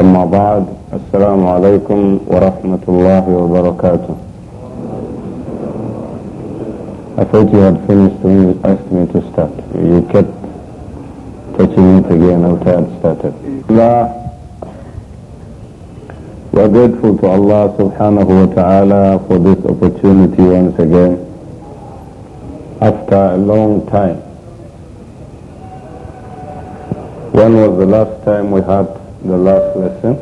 أما بعد السلام عليكم ورحمة الله وبركاته I thought you had finished when you asked me to start. You kept touching it again after I had started. Allah, we are grateful to Allah subhanahu wa ta'ala for this opportunity once again after a long time. When was the last time we had the last lesson.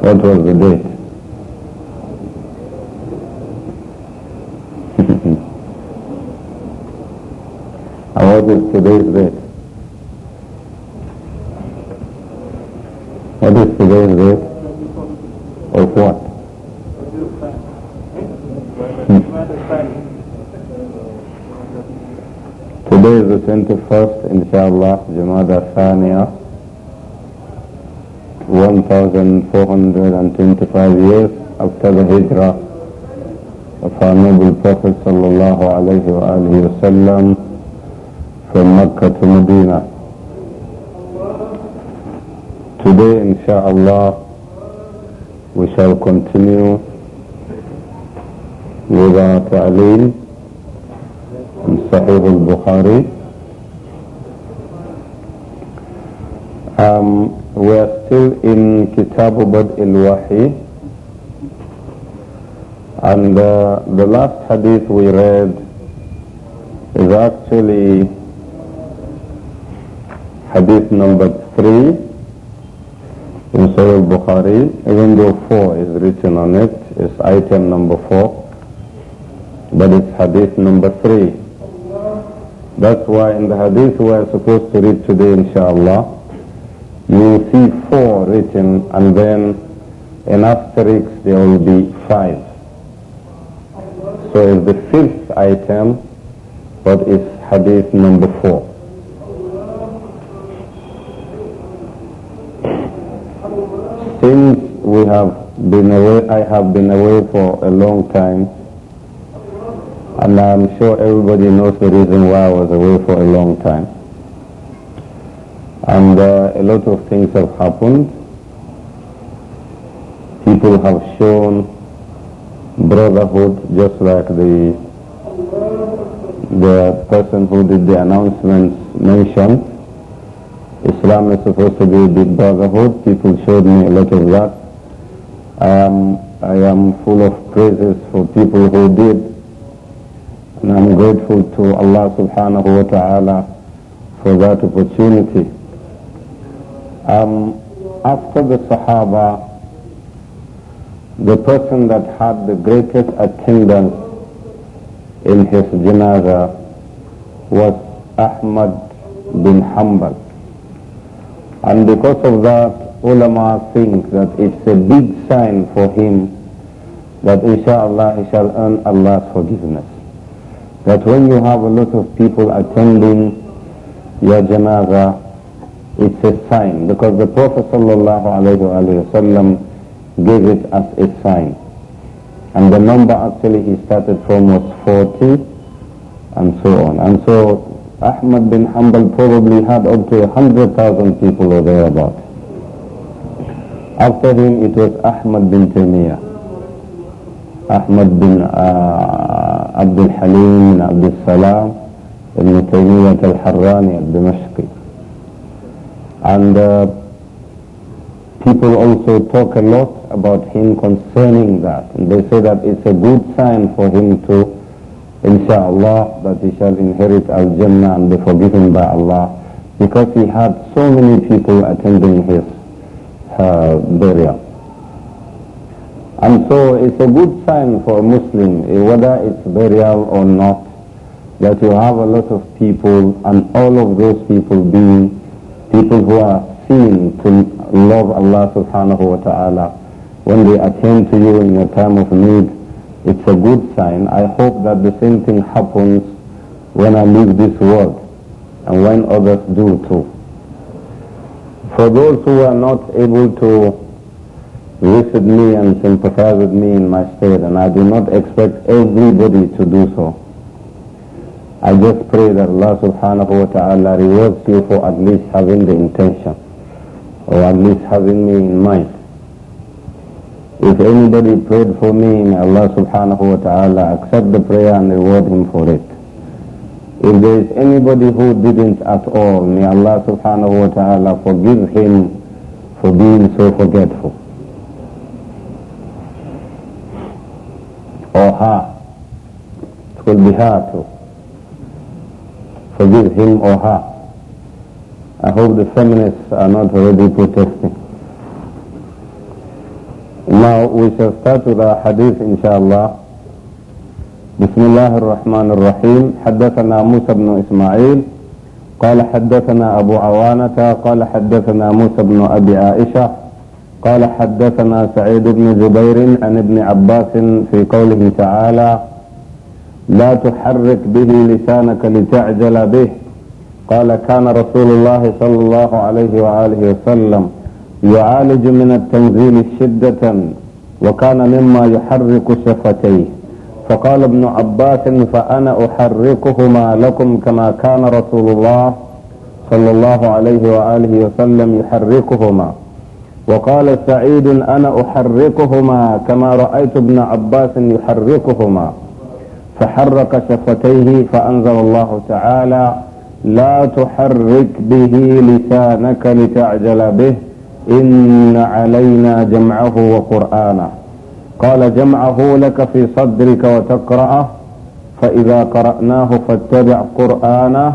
What was the date? and what is today's date? What is today's date? Of what? Hmm. Today is the 21st إن شاء الله جمادى الثانية 1425 years after the hijrah of our noble Prophet صلى الله عليه وآله وسلم from Makkah to Medina. Today إن شاء الله we shall continue with our تعليم in Sahih al-Bukhari Um, we are still in Kitabu Bad al-Wahi and uh, the last hadith we read is actually hadith number 3 in Sahih Bukhari even though 4 is written on it it's item number 4 but it's hadith number 3 that's why in the hadith we are supposed to read today inshallah you see four written and then an asterisk there will be five. So it's the fifth item, what is hadith number four. Since we have been away, I have been away for a long time, and I'm sure everybody knows the reason why I was away for a long time and uh, a lot of things have happened. People have shown brotherhood just like the the person who did the announcements mentioned. Islam is supposed to be a big brotherhood. People showed me a lot of that. I am, um, I am full of praises for people who did. And I'm grateful to Allah subhanahu wa ta'ala for that opportunity. Um, after the Sahaba, the person that had the greatest attendance in his janaza was Ahmad bin Hanbal. And because of that, ulama think that it's a big sign for him that inshallah he shall earn Allah's forgiveness. That when you have a lot of people attending your janaza, it's a sign because the Prophet ﷺ gave it as a sign. And the number actually he started from was 40 and so on. And so Ahmad bin Hanbal probably had up to 100,000 people or thereabout. After him it was Ahmad bin Taymiyyah, Ahmad bin uh, Abdul Halim, Abdul Salam, Ibn Taymiyyah al-Harrani al-Dimashqi. And uh, people also talk a lot about him concerning that. And they say that it's a good sign for him to, inshallah, that he shall inherit al-Jannah and be forgiven by Allah because he had so many people attending his uh, burial. And so it's a good sign for a Muslim, eh, whether it's burial or not, that you have a lot of people and all of those people being people who are seen to love Allah subhanahu wa ta'ala, when they attend to you in your time of need, it's a good sign. I hope that the same thing happens when I leave this world and when others do too. For those who are not able to visit me and sympathize with me in my state, and I do not expect everybody to do so, I just pray that Allah subhanahu wa ta'ala rewards you for at least having the intention or at least having me in mind. If anybody prayed for me, may Allah subhanahu wa ta'ala accept the prayer and reward him for it. If there is anybody who didn't at all, may Allah subhanahu wa ta'ala forgive him for being so forgetful. Or her. It will be her too. forgive him or her. I hope the feminists are not already protesting. Now we shall start with our hadith inshallah. بسم الله الرحمن الرحيم حدثنا موسى بن إسماعيل قال حدثنا أبو عوانة قال حدثنا موسى بن أبي عائشة قال حدثنا سعيد بن جبير عن ابن عباس في قوله تعالى لا تحرك به لسانك لتعجل به قال كان رسول الله صلى الله عليه وآله وسلم يعالج من التنزيل شدة وكان مما يحرك شفتيه فقال ابن عباس فأنا أحركهما لكم كما كان رسول الله صلى الله عليه وآله وسلم يحركهما وقال سعيد أنا أحركهما كما رأيت ابن عباس يحركهما فحرك شفتيه فأنزل الله تعالى لا تحرك به لسانك لتعجل به إن علينا جمعه وقرآنه قال جمعه لك في صدرك وتقرأه فإذا قرأناه فاتبع قرآنه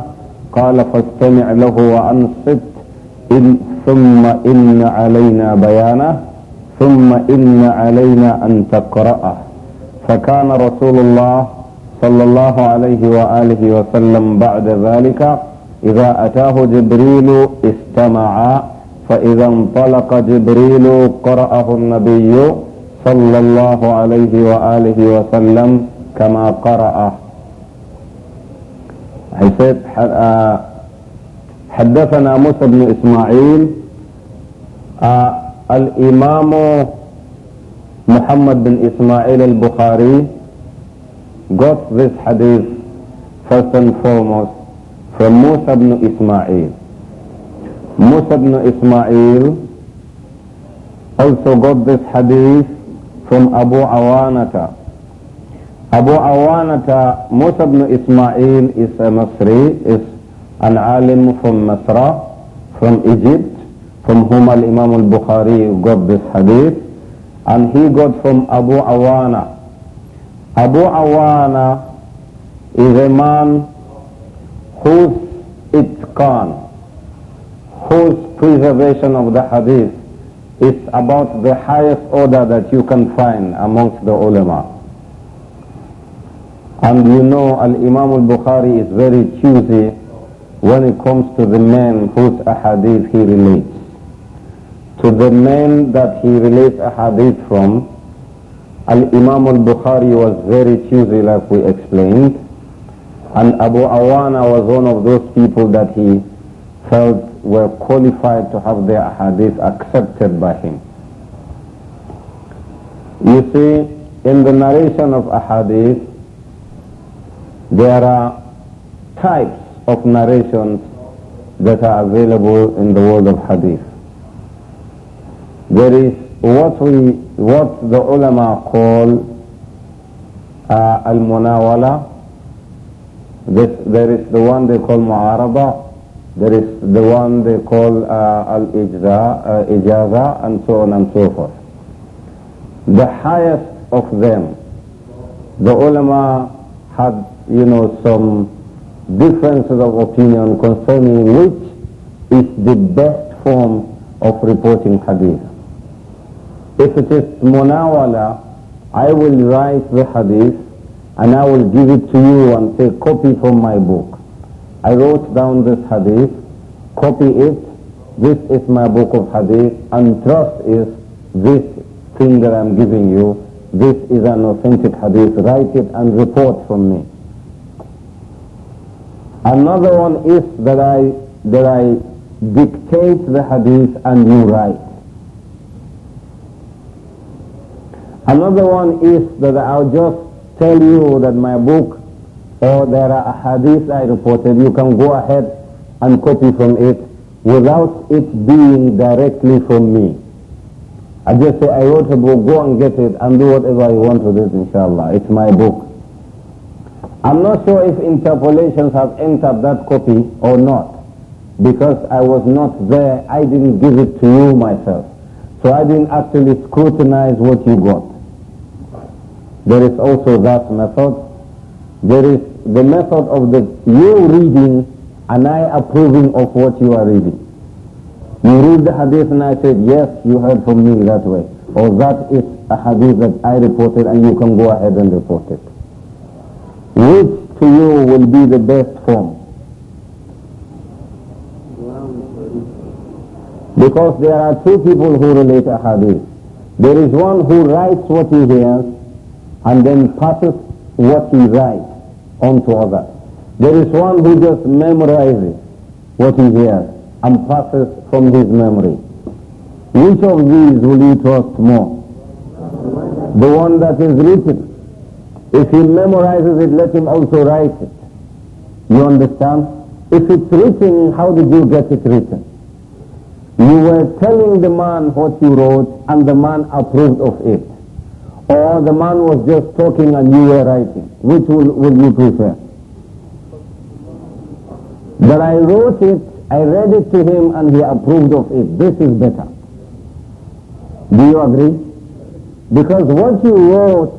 قال فاستمع له وأنصت إن ثم إن علينا بيانه ثم إن علينا أن تقرأه فكان رسول الله صلى الله عليه وآله وسلم بعد ذلك إذا أتاه جبريل استمع فإذا انطلق جبريل قرأه النبي صلى الله عليه وآله وسلم كما قرأه uh, حدثنا موسى بن إسماعيل uh, الإمام محمد بن إسماعيل البخاري got this hadith first and foremost from Musa ibn Ismail. Musa ibn Ismail also got this hadith from Abu Awanata. Abu Awanata, Musa ibn Ismail is a Masri, is an alim from Masra, from Egypt, from whom al-Imam al-Bukhari got this hadith, and he got from Abu Awana. Abu Awana is a man whose itqan, whose preservation of the hadith is about the highest order that you can find amongst the ulama. And you know Al-Imam al-Bukhari is very choosy when it comes to the men whose ahadith he relates. To the men that he relates ahadith from, Al-Imam al-Bukhari was very choosy like we explained. And Abu Awana was one of those people that he felt were qualified to have their hadith accepted by him. You see, in the narration of hadith, there are types of narrations that are available in the world of hadith. There is what we what the ulama call uh, al-munawala this there is the one they call mu'araba there is the one they call uh, al-ijza uh, ijaza and so on and so forth the highest of them the ulama had you know some differences of opinion concerning which is the best form of reporting hadith if it is munawala, I will write the hadith and I will give it to you and say, copy from my book. I wrote down this hadith, copy it, this is my book of hadith, and trust is this thing that I'm giving you, this is an authentic hadith, write it and report from me. Another one is that I, that I dictate the hadith and you write. Another one is that I'll just tell you that my book or there are hadiths I reported, you can go ahead and copy from it without it being directly from me. I just say, I wrote a book, go and get it and do whatever you want with it, inshallah. It's my book. I'm not sure if interpolations have entered that copy or not, because I was not there. I didn't give it to you myself. So I didn't actually scrutinize what you got. There is also that method. There is the method of the you reading and I approving of what you are reading. You read the hadith and I said, yes, you heard from me that way. Or that is a hadith that I reported and you can go ahead and report it. Which to you will be the best form? Because there are two people who relate a hadith. There is one who writes what he hears and then passes what he writes on to others. There is one who just memorizes what he hears and passes from his memory. Which of these will you trust more? The one that is written. If he memorizes it, let him also write it. You understand? If it's written, how did you get it written? You were telling the man what you wrote and the man approved of it or uh, the man was just talking and you were writing? Which will, would you prefer? But I wrote it, I read it to him and he approved of it. This is better. Do you agree? Because what you wrote,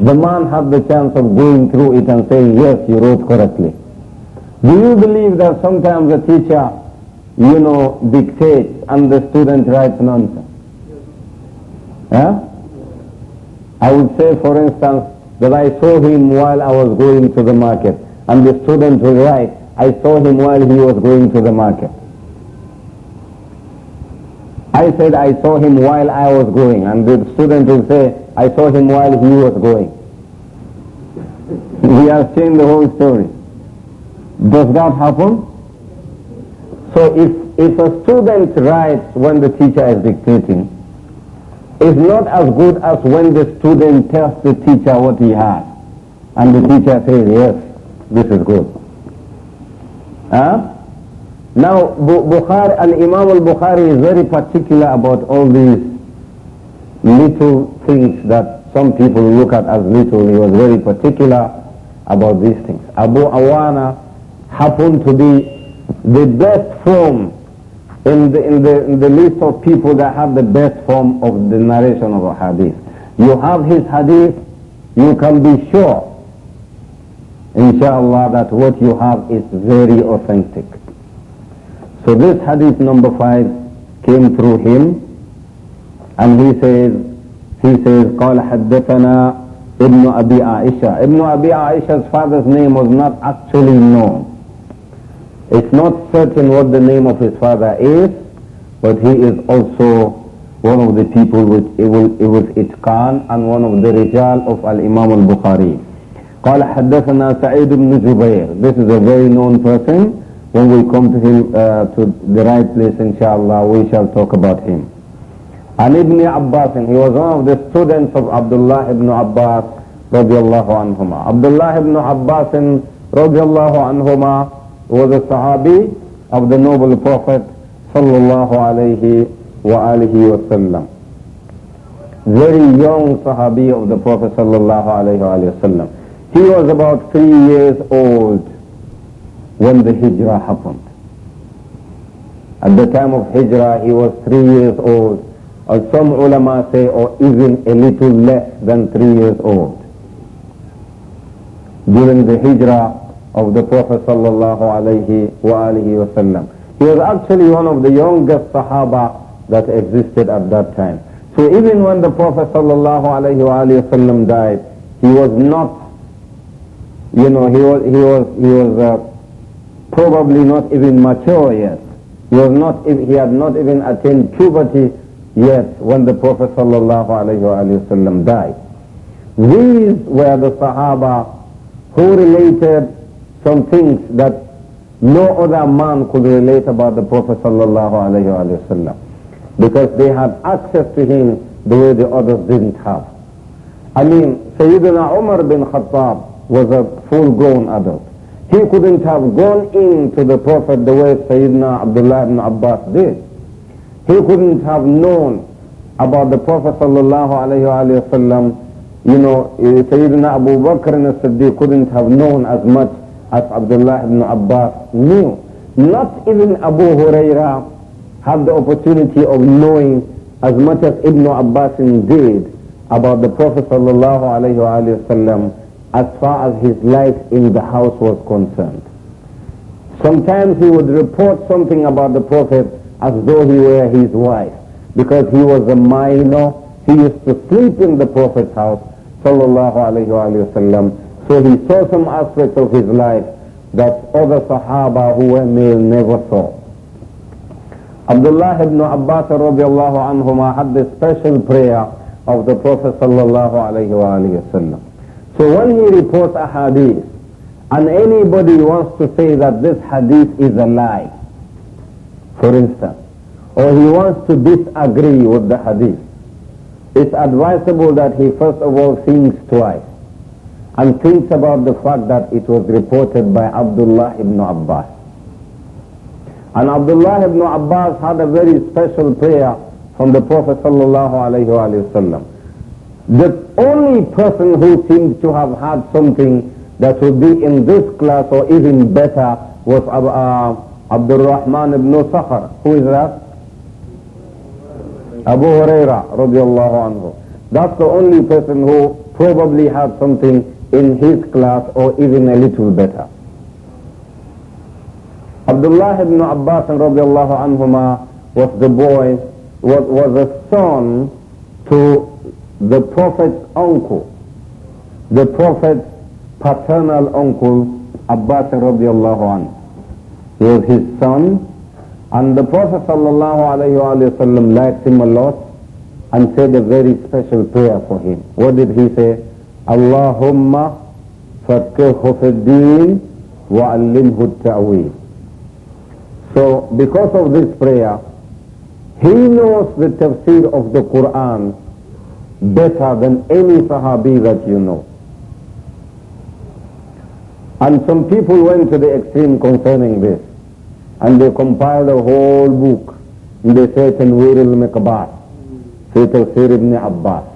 the man had the chance of going through it and saying, yes, you wrote correctly. Do you believe that sometimes a teacher, you know, dictates and the student writes nonsense? Huh? I would say, for instance, that I saw him while I was going to the market. And the student will write, I saw him while he was going to the market. I said, I saw him while I was going. And the student will say, I saw him while he was going. we are seeing the whole story. Does that happen? So if, if a student writes when the teacher is dictating, is not as good as when the student tells the teacher what he has. And the teacher says, yes, this is good. Huh? Now, Bukhari, and Imam al-Bukhari is very particular about all these little things that some people look at as little. He was very particular about these things. Abu Awana happened to be the best form in the, in the, in the list of people that have the best form of the narration of a hadith. You have his hadith, you can be sure, inshallah, that what you have is very authentic. So this hadith number five came through him, and he says, he says, قال حدثنا ابن أبي عائشة. Ibn Abi Aisha's father's name was not actually known. It's not certain what the name of his father is, but he is also one of the people with, it with Itqan and one of the Rijal of Al-Imam Al-Bukhari. قال حدثنا سعيد بن جبير This is a very known person. When we come to him uh, to the right place, inshallah, we shall talk about him. And Ibn Abbas, he was one of the students of Abdullah ibn Abbas, الله عنهما. Abdullah ibn Abbas, الله عنهما was a Sahabi of the noble Prophet sallallahu alaihi wasallam. Very young Sahabi of the Prophet sallallahu alaihi wasallam. He was about three years old when the hijrah happened. At the time of hijrah, he was three years old, or some ulama say, or even a little less than three years old. During the hijrah, of the Prophet sallallahu alaihi wasallam. He was actually one of the youngest Sahaba that existed at that time. So even when the Prophet sallallahu alaihi wasallam died, he was not, you know, he was, he was, he was uh, probably not even mature yet. He was not, he had not even attained puberty yet when the Prophet sallallahu alaihi wasallam died. These were the Sahaba who related some things that no other man could relate about the Prophet sallallahu because they had access to him the way the others didn't have. I mean, Sayyidina Umar bin Khattab was a full-grown adult. He couldn't have gone into the Prophet the way Sayyidina Abdullah ibn Abbas did. He couldn't have known about the Prophet sallallahu you know, Sayyidina Abu Bakr and Siddiq couldn't have known as much as Abdullah ibn Abbas knew. Not even Abu Huraira had the opportunity of knowing as much as Ibn Abbas did about the Prophet sallallahu as far as his life in the house was concerned. Sometimes he would report something about the Prophet as though he were his wife because he was a minor. He used to sleep in the Prophet's house sallallahu so he saw some aspects of his life that other Sahaba who were male never saw. Abdullah ibn Abbas radiallahu anhuma had the special prayer of the Prophet sallallahu alayhi wa So when he reports a hadith, and anybody wants to say that this hadith is a lie, for instance, or he wants to disagree with the hadith, it's advisable that he first of all thinks twice and thinks about the fact that it was reported by Abdullah ibn Abbas. And Abdullah ibn Abbas had a very special prayer from the Prophet sallallahu alayhi wasallam. The only person who seemed to have had something that would be in this class or even better was uh, Rahman ibn Sakhar. Who is that? Abu Huraira radiallahu anhu. That's the only person who probably had something in his class or even a little better. Abdullah ibn Abbas radiallahu anhuma was the boy, was, was a son to the Prophet's uncle, the Prophet's paternal uncle, Abbas radiallahu anhu. He was his son, and the Prophet sallallahu alayhi wa liked him a lot and said a very special prayer for him. What did he say? اللهم فقهه في الدين وعلمه التأويل So because of this prayer, he knows the tafsir of the Quran better than any Sahabi that you know. And some people went to the extreme concerning this. And they compiled a whole book. And they say Tanwir al-Miqbar, fi tafsir ibn Abbas.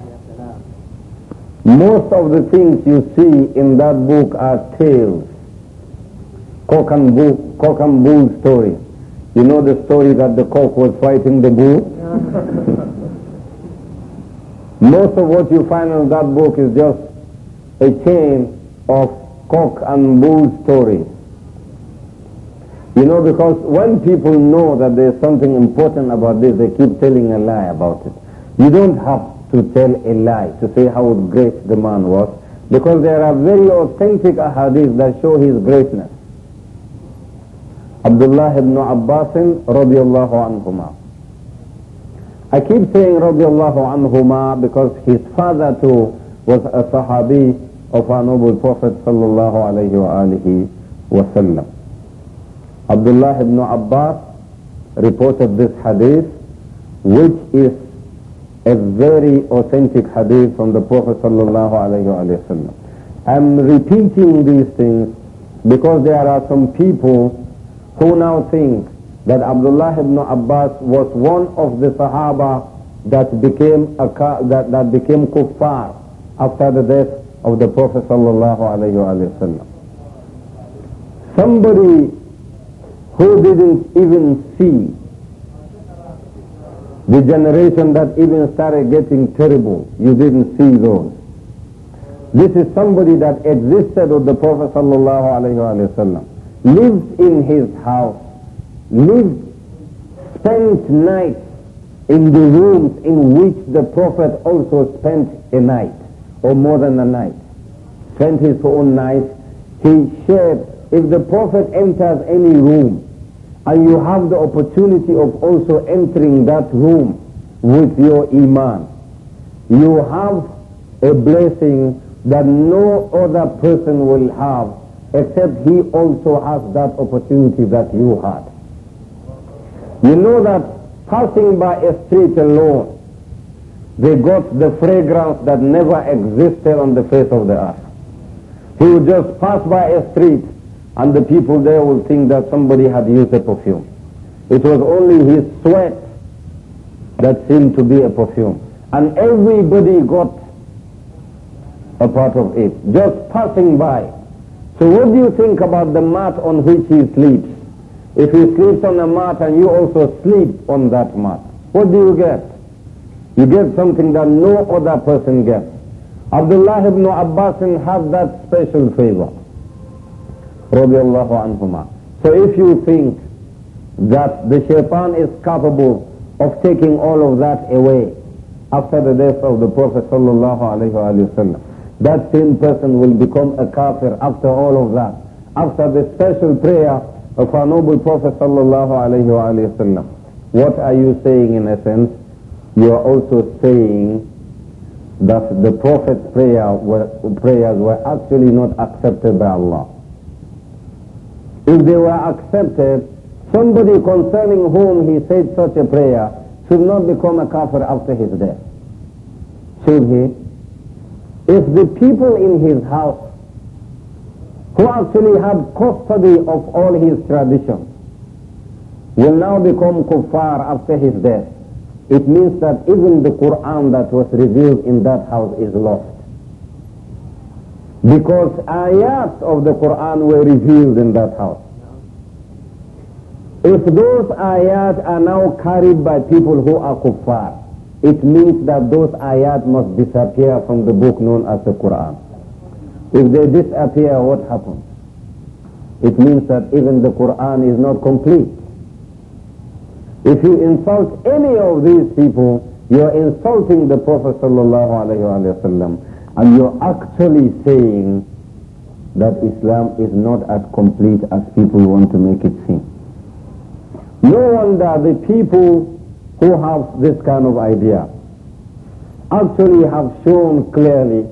Most of the things you see in that book are tales, cock and, bull, cock and bull story. You know the story that the cock was fighting the bull? Most of what you find in that book is just a chain of cock and bull stories. You know, because when people know that there's something important about this, they keep telling a lie about it. You don't have to tell a lie, to say how great the man was, because there are very authentic ahadith that show his greatness. Abdullah ibn Abbas radiallahu anhuma. I keep saying radiallahu anhuma because his father too was a sahabi of our noble Prophet sallallahu alayhi wa alihi wasallam. Abdullah ibn Abbas reported this hadith which is a very authentic hadith from the Prophet sallallahu alaihi wasallam. I'm repeating these things because there are some people who now think that Abdullah ibn Abbas was one of the Sahaba that became a, that, that became kuffar after the death of the Prophet sallallahu alaihi wasallam. Somebody who didn't even see the generation that even started getting terrible, you didn't see those. This is somebody that existed with the Prophet sallallahu alaihi wasallam, lived in his house, lived, spent nights in the rooms in which the Prophet also spent a night, or more than a night. Spent his own night. He shared, if the Prophet enters any room, and you have the opportunity of also entering that room with your iman. You have a blessing that no other person will have except he also has that opportunity that you had. You know that passing by a street alone, they got the fragrance that never existed on the face of the earth. He would just pass by a street and the people there will think that somebody had used a perfume. It was only his sweat that seemed to be a perfume. And everybody got a part of it, just passing by. So what do you think about the mat on which he sleeps? If he sleeps on a mat and you also sleep on that mat, what do you get? You get something that no other person gets. Abdullah ibn Abbas had that special favor radiallahu anhuma. So if you think that the shaitan is capable of taking all of that away after the death of the Prophet sallallahu alayhi wa sallam, that same person will become a kafir after all of that, after the special prayer of our noble Prophet sallallahu alayhi wa sallam. What are you saying in essence? You are also saying that the Prophet's prayer were, prayers were actually not accepted by Allah if they were accepted, somebody concerning whom he said such a prayer should not become a kafir after his death. Should he? If the people in his house who actually had custody of all his traditions will now become kuffar after his death, it means that even the Quran that was revealed in that house is lost. Because ayat of the Quran were revealed in that house. If those ayat are now carried by people who are kuffar, it means that those ayat must disappear from the book known as the Quran. If they disappear, what happens? It means that even the Quran is not complete. If you insult any of these people, you are insulting the Prophet sallallahu alaihi wasallam and you're actually saying that Islam is not as complete as people want to make it seem. No wonder the people who have this kind of idea actually have shown clearly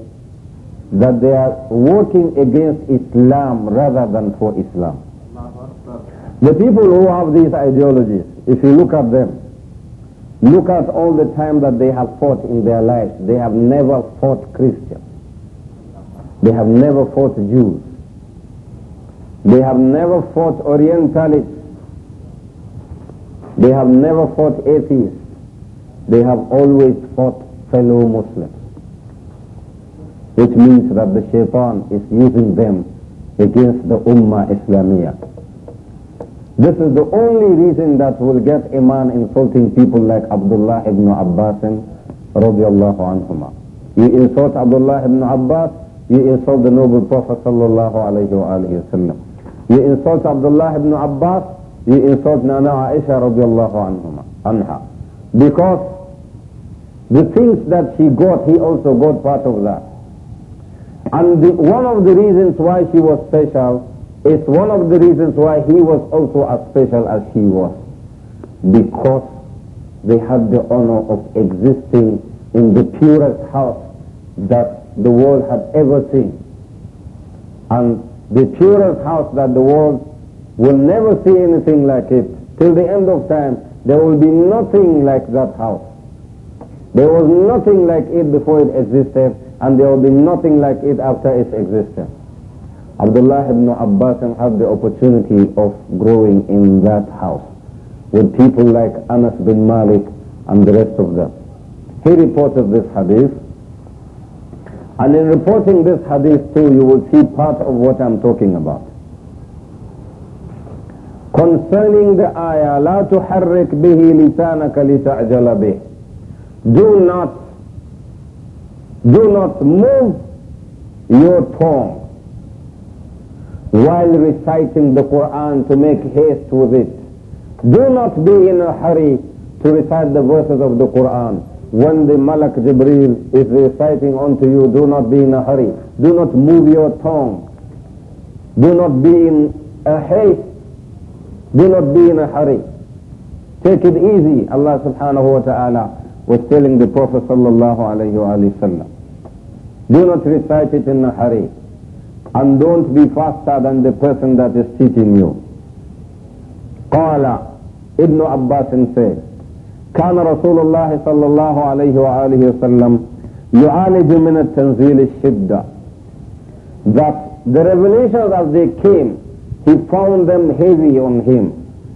that they are working against Islam rather than for Islam. The people who have these ideologies, if you look at them, look at all the time that they have fought in their lives, they have never fought Christians. They have never fought Jews. They have never fought Orientalists. They have never fought atheists. They have always fought fellow Muslims. Which means that the shaitan is using them against the Ummah Islamiyah. This is the only reason that will get a man insulting people like Abdullah ibn Abbas radiallahu anhumah. You insult Abdullah ibn Abbas, you insult the noble Prophet sallallahu alayhi wa You insult Abdullah ibn Abbas, you insult Nana Aisha radiallahu anha. Because the things that she got, he also got part of that. And the, one of the reasons why she was special is one of the reasons why he was also as special as she was. Because they had the honor of existing in the purest house that the world had ever seen. And the purest house that the world will never see anything like it. Till the end of time, there will be nothing like that house. There was nothing like it before it existed, and there will be nothing like it after its existence. Abdullah ibn Abbas had the opportunity of growing in that house with people like Anas bin Malik and the rest of them. He reported this hadith and in reporting this hadith too, you will see part of what I'm talking about. Concerning the ayah, لا تحرك به لسانك لتعجل به. Do not, do not move your tongue while reciting the Quran to make haste with it. Do not be in a hurry to recite the verses of the Quran when the Malak Jibreel is reciting unto you, do not be in a hurry. Do not move your tongue. Do not be in a haste. Do not be in a hurry. Take it easy. Allah subhanahu wa ta'ala was telling the Prophet sallallahu alayhi wa sallam. Do not recite it in a hurry. And don't be faster than the person that is teaching you. Qala Ibn Abbas said, كان رسول الله صلى الله عليه وآله وسلم يعالج من التنزيل الشدة that the revelations as they came he found them heavy on him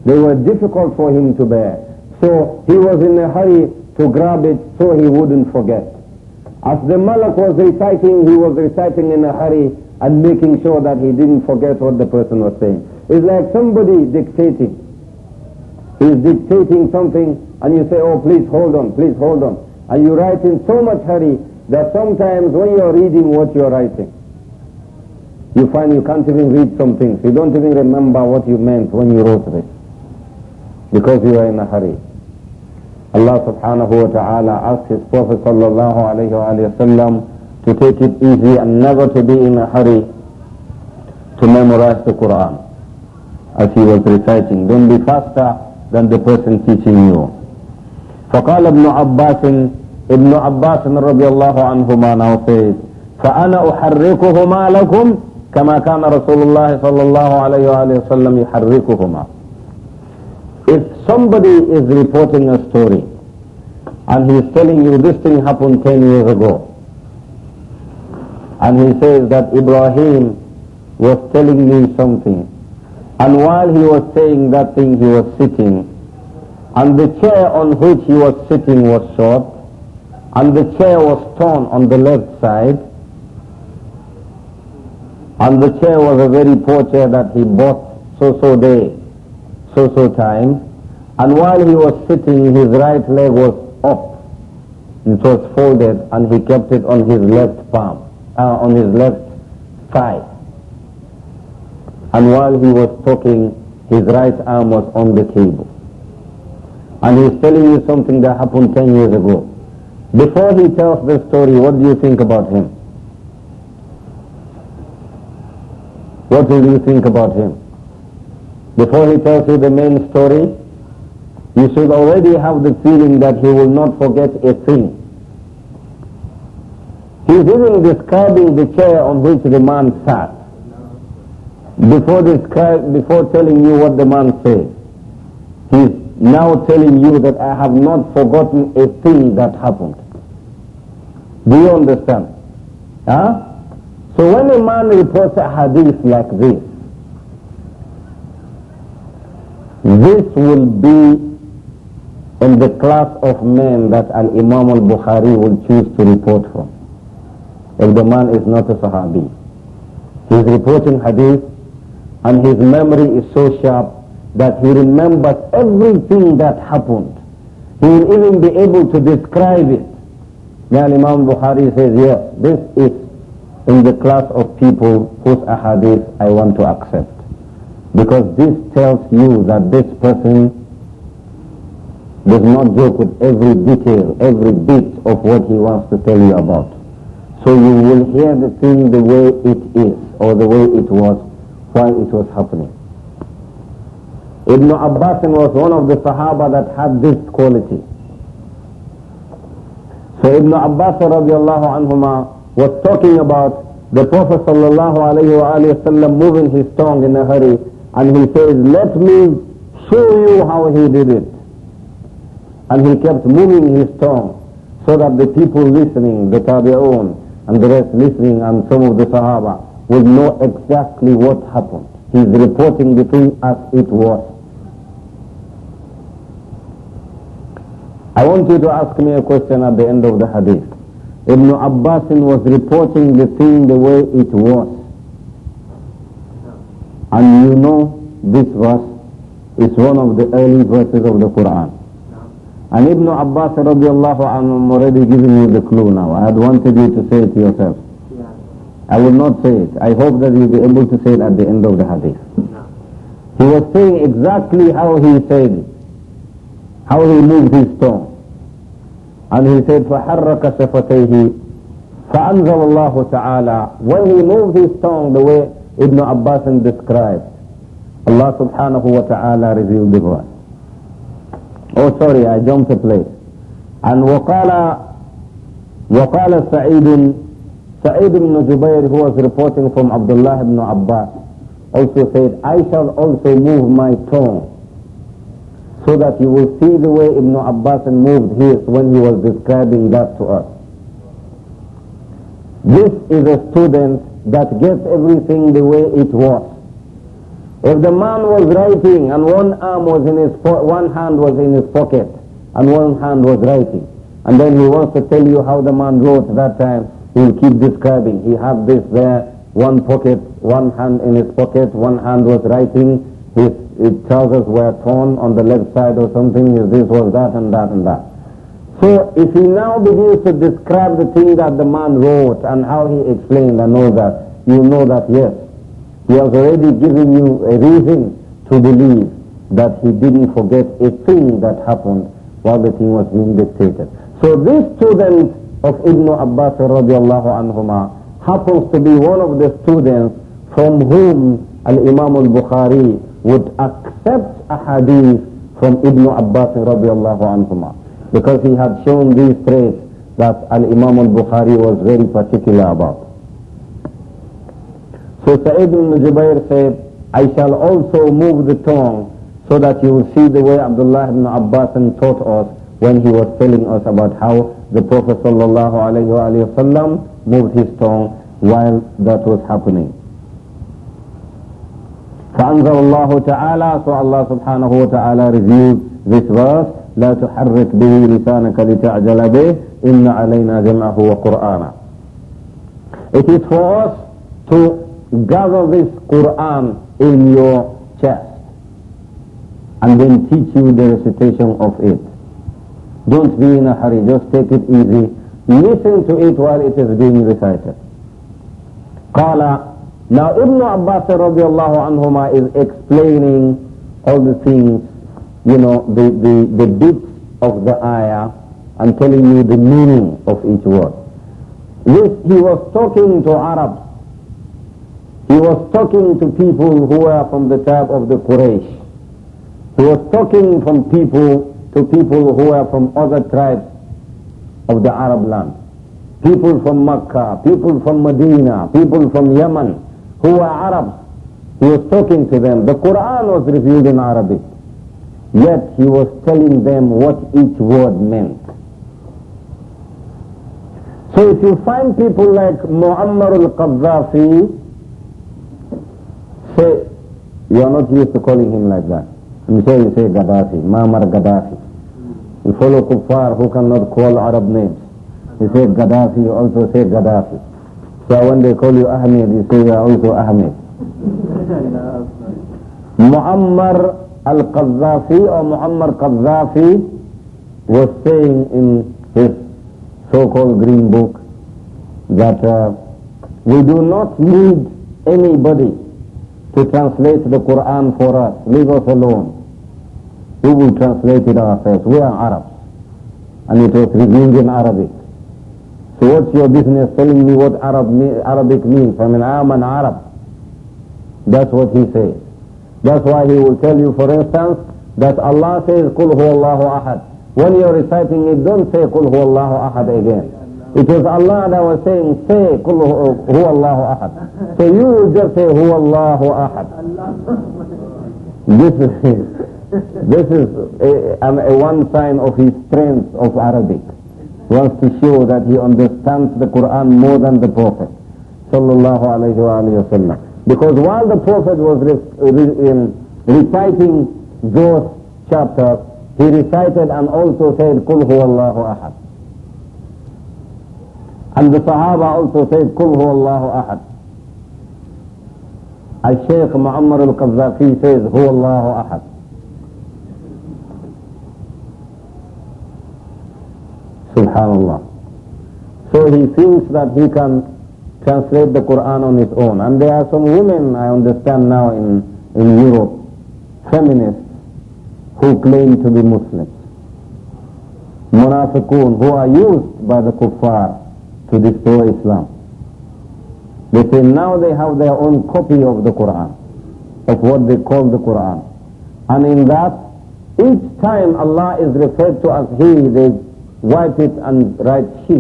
they were difficult for him to bear so he was in a hurry to grab it so he wouldn't forget as the malak was reciting he was reciting in a hurry and making sure that he didn't forget what the person was saying it's like somebody dictating He's dictating something and you say, oh, please hold on, please hold on. And you write in so much hurry that sometimes when you're reading what you're writing, you find you can't even read some things. You don't even remember what you meant when you wrote it because you are in a hurry. Allah subhanahu wa ta'ala asked his Prophet sallallahu alayhi wa sallam to take it easy and never to be in a hurry to memorize the Quran as he was reciting. Don't be faster than the person teaching you. فقال ابن عباس ابن عباس رضي الله عنهما now says فأنا أحركهما لكم كما كان رسول الله صلى الله عليه وآله وسلم يحركهما If somebody is reporting a story and he is telling you this thing happened 10 years ago and he says that Ibrahim was telling me something and while he was saying that thing, he was sitting. And the chair on which he was sitting was short, and the chair was torn on the left side, and the chair was a very poor chair that he bought so-so day, so-so time, and while he was sitting, his right leg was up. It was folded, and he kept it on his left palm, uh, on his left thigh and while he was talking, his right arm was on the table. And he's telling you something that happened 10 years ago. Before he tells the story, what do you think about him? What will you think about him? Before he tells you the main story, you should already have the feeling that he will not forget a thing. He's even describing the chair on which the man sat before, this, before telling you what the man said, he's now telling you that I have not forgotten a thing that happened. Do you understand? Huh? So when a man reports a hadith like this, this will be in the class of men that an Imam al-Bukhari will choose to report from. If the man is not a Sahabi. He is reporting hadith and his memory is so sharp that he remembers everything that happened. He will even be able to describe it. Then Imam Bukhari says, yes, this is in the class of people whose ahadith I want to accept. Because this tells you that this person does not joke with every detail, every bit of what he wants to tell you about. So you will hear the thing the way it is or the way it was why it was happening. Ibn Abbas was one of the Sahaba that had this quality. So Ibn Abbas was talking about the Prophet sallallahu moving his tongue in a hurry and he says, let me show you how he did it. And he kept moving his tongue so that the people listening, the tabi'un and the rest listening and some of the Sahaba, will know exactly what happened. He's reporting the thing as it was. I want you to ask me a question at the end of the hadith. Ibn Abbas was reporting the thing the way it was. And you know this verse is one of the early verses of the Quran. And Ibn Abbas radiallahu anhu, I'm already giving you the clue now. I had wanted you to say it yourself. I will not say it. I hope that you'll be able to say it at the end of the hadith. He was saying exactly how he said it, how he moved his tongue. And he said, فَحَرَّكَ شَفَتَيْهِ فَأَنْزَلَ اللَّهُ تَعَالَى When he moved his tongue the way Ibn Abbas described, Allah subhanahu wa ta'ala revealed the verse. Oh, sorry, I jumped a place. And وَقَالَ وَقَالَ سَعِيدٌ Sa'id ibn Jubayr, who was reporting from Abdullah ibn Abbas, also said, I shall also move my tongue so that you will see the way Ibn Abbas moved his when he was describing that to us. This is a student that gets everything the way it was. If the man was writing and one arm was in his one hand was in his pocket and one hand was writing, and then he wants to tell you how the man wrote that time, He'll keep describing. He had this there, one pocket, one hand in his pocket, one hand was writing, his, his trousers were torn on the left side or something, his this was that and that and that. So if he now begins to describe the thing that the man wrote and how he explained and all that, you know that yes, he has already given you a reason to believe that he didn't forget a thing that happened while the thing was being dictated. So these students of Ibn Abbas radiallahu anhuma happens to be one of the students from whom Al-Imam al-Bukhari would accept a hadith from Ibn Abbas radiallahu anhuma because he had shown these traits that Al-Imam al-Bukhari was very particular about. So Sa'id ibn Jubair said, I shall also move the tongue so that you will see the way Abdullah ibn Abbas taught us when he was telling us about how the Prophet ﷺ moved his tongue while that was happening. فأنزل الله تعالى so Allah subhanahu wa ta'ala revealed this verse لا تحرك به لسانك لتعجل به إن علينا جمعه وقرآنه It is for us to gather this Quran in your chest and then teach you the recitation of it. Don't be in a hurry, just take it easy. Listen to it while it is being recited. Qala. Now Ibn Abbas radiallahu anhuma is explaining all the things, you know, the, the, the bits of the ayah and telling you the meaning of each word. This, he was talking to Arabs. He was talking to people who were from the tribe of the Quraysh. He was talking from people to people who were from other tribes of the Arab land. People from Mecca, people from Medina, people from Yemen, who were Arabs. He was talking to them. The Quran was revealed in Arabic. Yet he was telling them what each word meant. So if you find people like Muammar al-Qaddafi, say, you are not used to calling him like that. You say, you say Gaddafi, Mamar Gaddafi. You follow kuffar who cannot call Arab names. You say Gaddafi, you also say Gaddafi. So when they call you Ahmed, you say you are also Ahmed. Muammar al-Qaddafi or Muammar Qaddafi was saying in his so-called green book that uh, we do not need anybody to translate the Quran for us. Leave us alone. We will translate it ourselves. We are Arabs. And it was written in Arabic. So what's your business telling me what Arab Arabic means? I mean, I am an Arab. That's what he says. That's why he will tell you, for instance, that Allah says, قُلْ هُوَ اللَّهُ أَحَدٌ When you're reciting it, don't say, قُلْ هُوَ اللَّهُ أَحَدٌ again. It was Allah that was saying, say, قُلْ هُوَ اللَّهُ أَحَدٌ So you will just say, هُوَ اللَّهُ أَحَدٌ. This is this is a, a, one sign of his strength of Arabic. He wants to show that he understands the Quran more than the Prophet. Sallallahu alayhi wa Because while the Prophet was re re reciting those chapters, he recited and also said, Kul huwallahu ahad. And the Sahaba also said, Kul huwallahu ahad. Al-Shaykh Muammar al-Qaddafi says, Huwallahu ahad. Subhanallah. So he feels that he can translate the Quran on his own. And there are some women, I understand now in, in Europe, feminists, who claim to be Muslims. Munafiqun, who are used by the kuffar to destroy Islam. They say now they have their own copy of the Quran, of what they call the Quran. And in that, each time Allah is referred to as He, they wipe it and write he.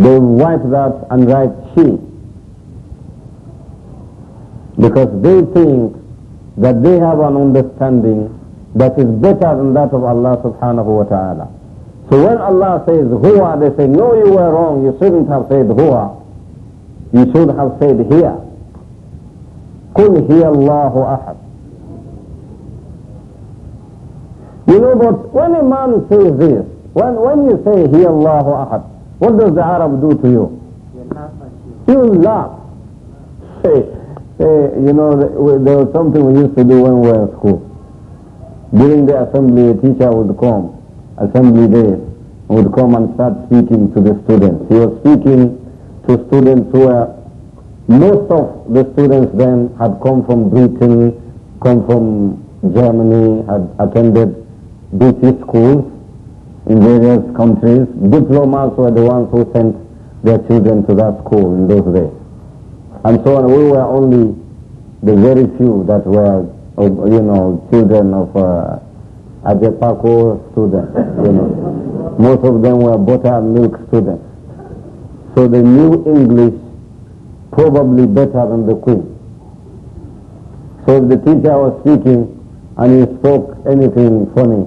They wipe that and write he. Because they think that they have an understanding that is better than that of Allah subhanahu wa ta'ala. So when Allah says huwa, they say, no, you were wrong. You shouldn't have said huwa. You should have said here. قل هي الله أحد You know but When a man says this, when, when you say, He Allahu Ahad, what does the Arab do to you? You laugh. Say, say, you know, there was something we used to do when we were in school. During the assembly, a teacher would come, assembly day, would come and start speaking to the students. He was speaking to students who were, most of the students then had come from Britain, come from Germany, had attended British schools in various countries. Diplomas were the ones who sent their children to that school in those days. And so on. We were only the very few that were, you know, children of uh, Ajepako students, you know. Most of them were buttermilk students. So they knew English probably better than the Queen. So if the teacher was speaking, and he spoke anything funny,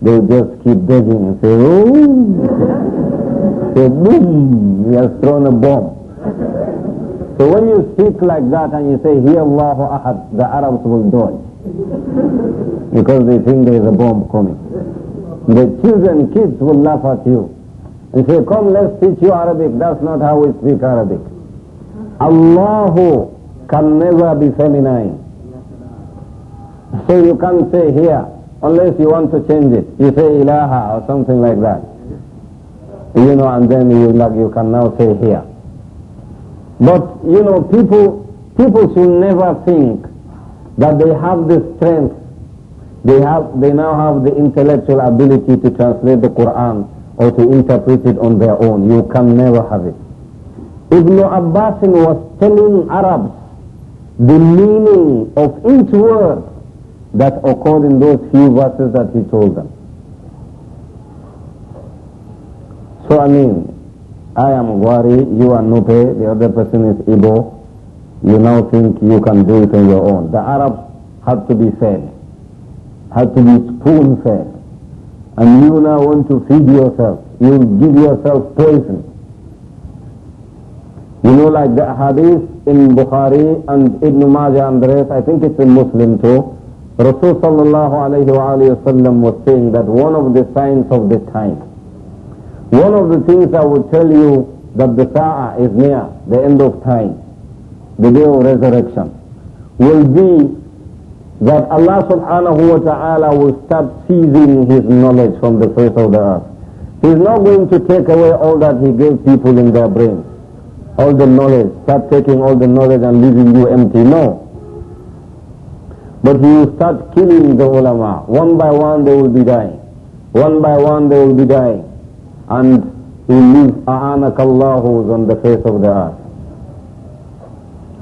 they would just keep dodging and say, oh, say, boom, he has thrown a bomb. So when you speak like that and you say, He Allahu Ahad, the Arabs will dodge. Because they think there is a bomb coming. The children, kids will laugh at you and say, come let's teach you Arabic. That's not how we speak Arabic. Allahu can never be feminine. So you can't say here, unless you want to change it. You say ilaha or something like that. You know, and then you, like, you can now say here. But, you know, people, people should never think that they have the strength, they have, they now have the intellectual ability to translate the Quran or to interpret it on their own. You can never have it. Ibn Abbasin was telling Arabs the meaning of each word that occurred in those few verses that he told them. So I mean, I am Gwari, you are Nupe, the other person is Ibo. You now think you can do it on your own. The Arabs had to be fed, had to be spoon fed. And you now want to feed yourself. You give yourself poison. You know, like the hadith in Bukhari and Ibn Majah and the rest, I think it's in Muslim too, Rasul sallallahu was saying that one of the signs of the time, one of the things I would tell you that the Sa'ah is near, the end of time, the day of resurrection, will be that Allah subhanahu wa ta'ala will start seizing His knowledge from the face of the earth. He's not going to take away all that He gave people in their brain, all the knowledge, start taking all the knowledge and leaving you empty. No. But you start killing the ulama. One by one they will be dying. One by one they will be dying. And we leave who is on the face of the earth.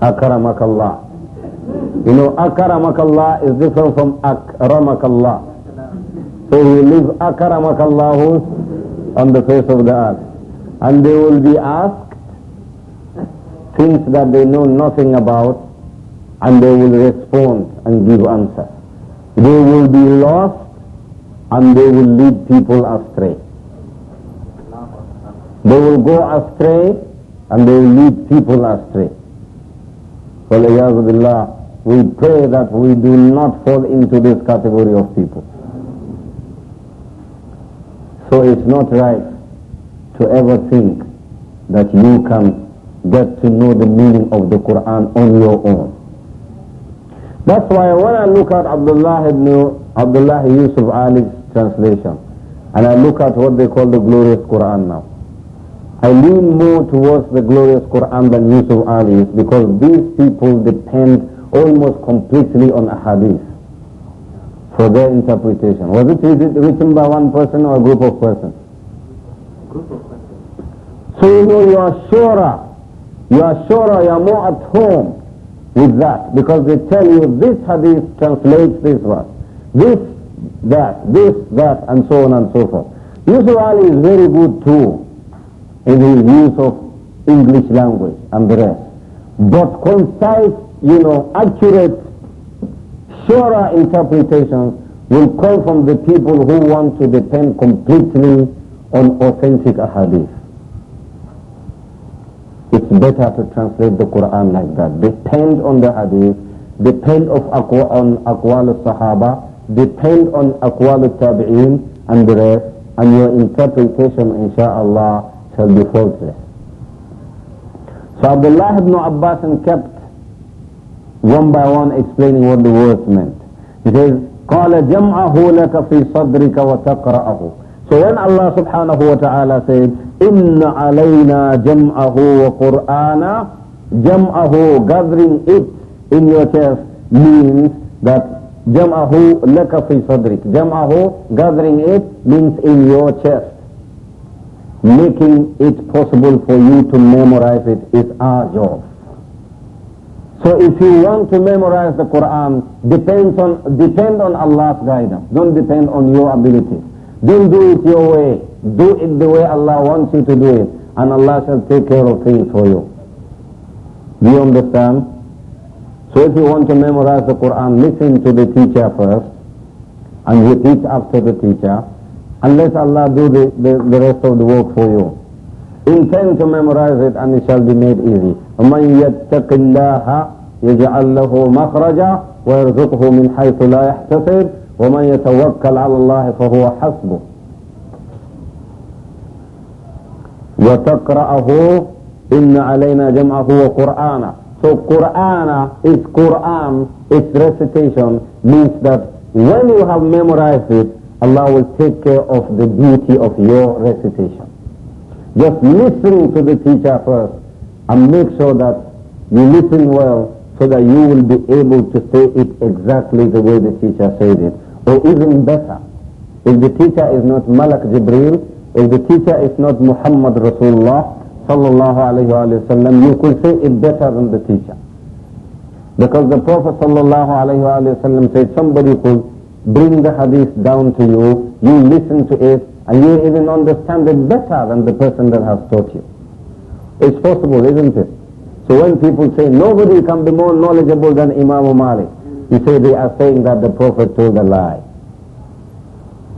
Akaramakallah. You know, Akaramakallah is different from Akramakallah. So we leave Akaramakallahu on the face of the earth. And they will be asked things that they know nothing about and they will respond and give answer. They will be lost and they will lead people astray. They will go astray and they will lead people astray. Billah, we pray that we do not fall into this category of people. So it's not right to ever think that you can get to know the meaning of the Quran on your own. That's why when I look at Abdullah ibn Abdullah Yusuf Ali's translation, and I look at what they call the glorious Quran now, I lean more towards the glorious Quran than Yusuf Ali's because these people depend almost completely on ahadith for their interpretation. Was it written by one person or a group of persons? Group of persons. So you know you are surer, you are surer, you are more at home with that because they tell you this hadith translates this one, this, that, this, that, and so on and so forth. Yusuf Ali is very good too in his use of English language and the rest. But concise, you know, accurate, surer interpretations will come from the people who want to depend completely on authentic hadith. It's better to translate the Quran like that. Depend on the hadith, depend of on aqwal al-sahaba, depend on aqwal al-tabi'in and the rest, and your interpretation, inshallah, shall be faultless. So Abdullah ibn Abbas and kept one by one explaining what the words meant. He says, قال جمعه لك في صدرك وتقرأه so when Allah subhanahu wa ta'ala said, Inna alayna jam'ahu Qur'anah," qur'ana, jam'ahu, gathering it in your chest, means that jam'ahu laka fi sadrik. Jam'ahu, gathering it, means in your chest. Making it possible for you to memorize it is our job. So if you want to memorize the Quran, depends on, depend on Allah's guidance. Don't depend on your ability. Don't do it your way. Do it the way Allah wants you to do it. And Allah shall take care of things for you. Do you understand? So if you want to memorize the Quran, listen to the teacher first. And you teach after the teacher. Unless Allah do the, the, the rest of the work for you. Intend to memorize it and it shall be made easy. وَمَنْ يَتَّقِ اللَّهَ يَجْعَلْ لَهُ مَخْرَجًا وَيَرْزُقْهُ مِنْ حَيْثُ لَا يَحْتَسِبُ ومن يتوكل على الله فهو حسبه وتقرأه إن علينا جمعه وقرآنه So Qur'ana is Qur'an, its recitation means that when you have memorized it, Allah will take care of the duty of your recitation. Just listen to the teacher first and make sure that you listen well so that you will be able to say it exactly the way the teacher said it. Or even better, if the teacher is not Malak Jibril, if the teacher is not Muhammad Rasulullah sallallahu alayhi wa sallam, you could say it better than the teacher. Because the Prophet sallallahu alayhi wa sallam said somebody could bring the hadith down to you, you listen to it, and you even understand it better than the person that has taught you. It's possible, isn't it? So when people say nobody can be more knowledgeable than Imam Malik, you say they are saying that the Prophet told a lie.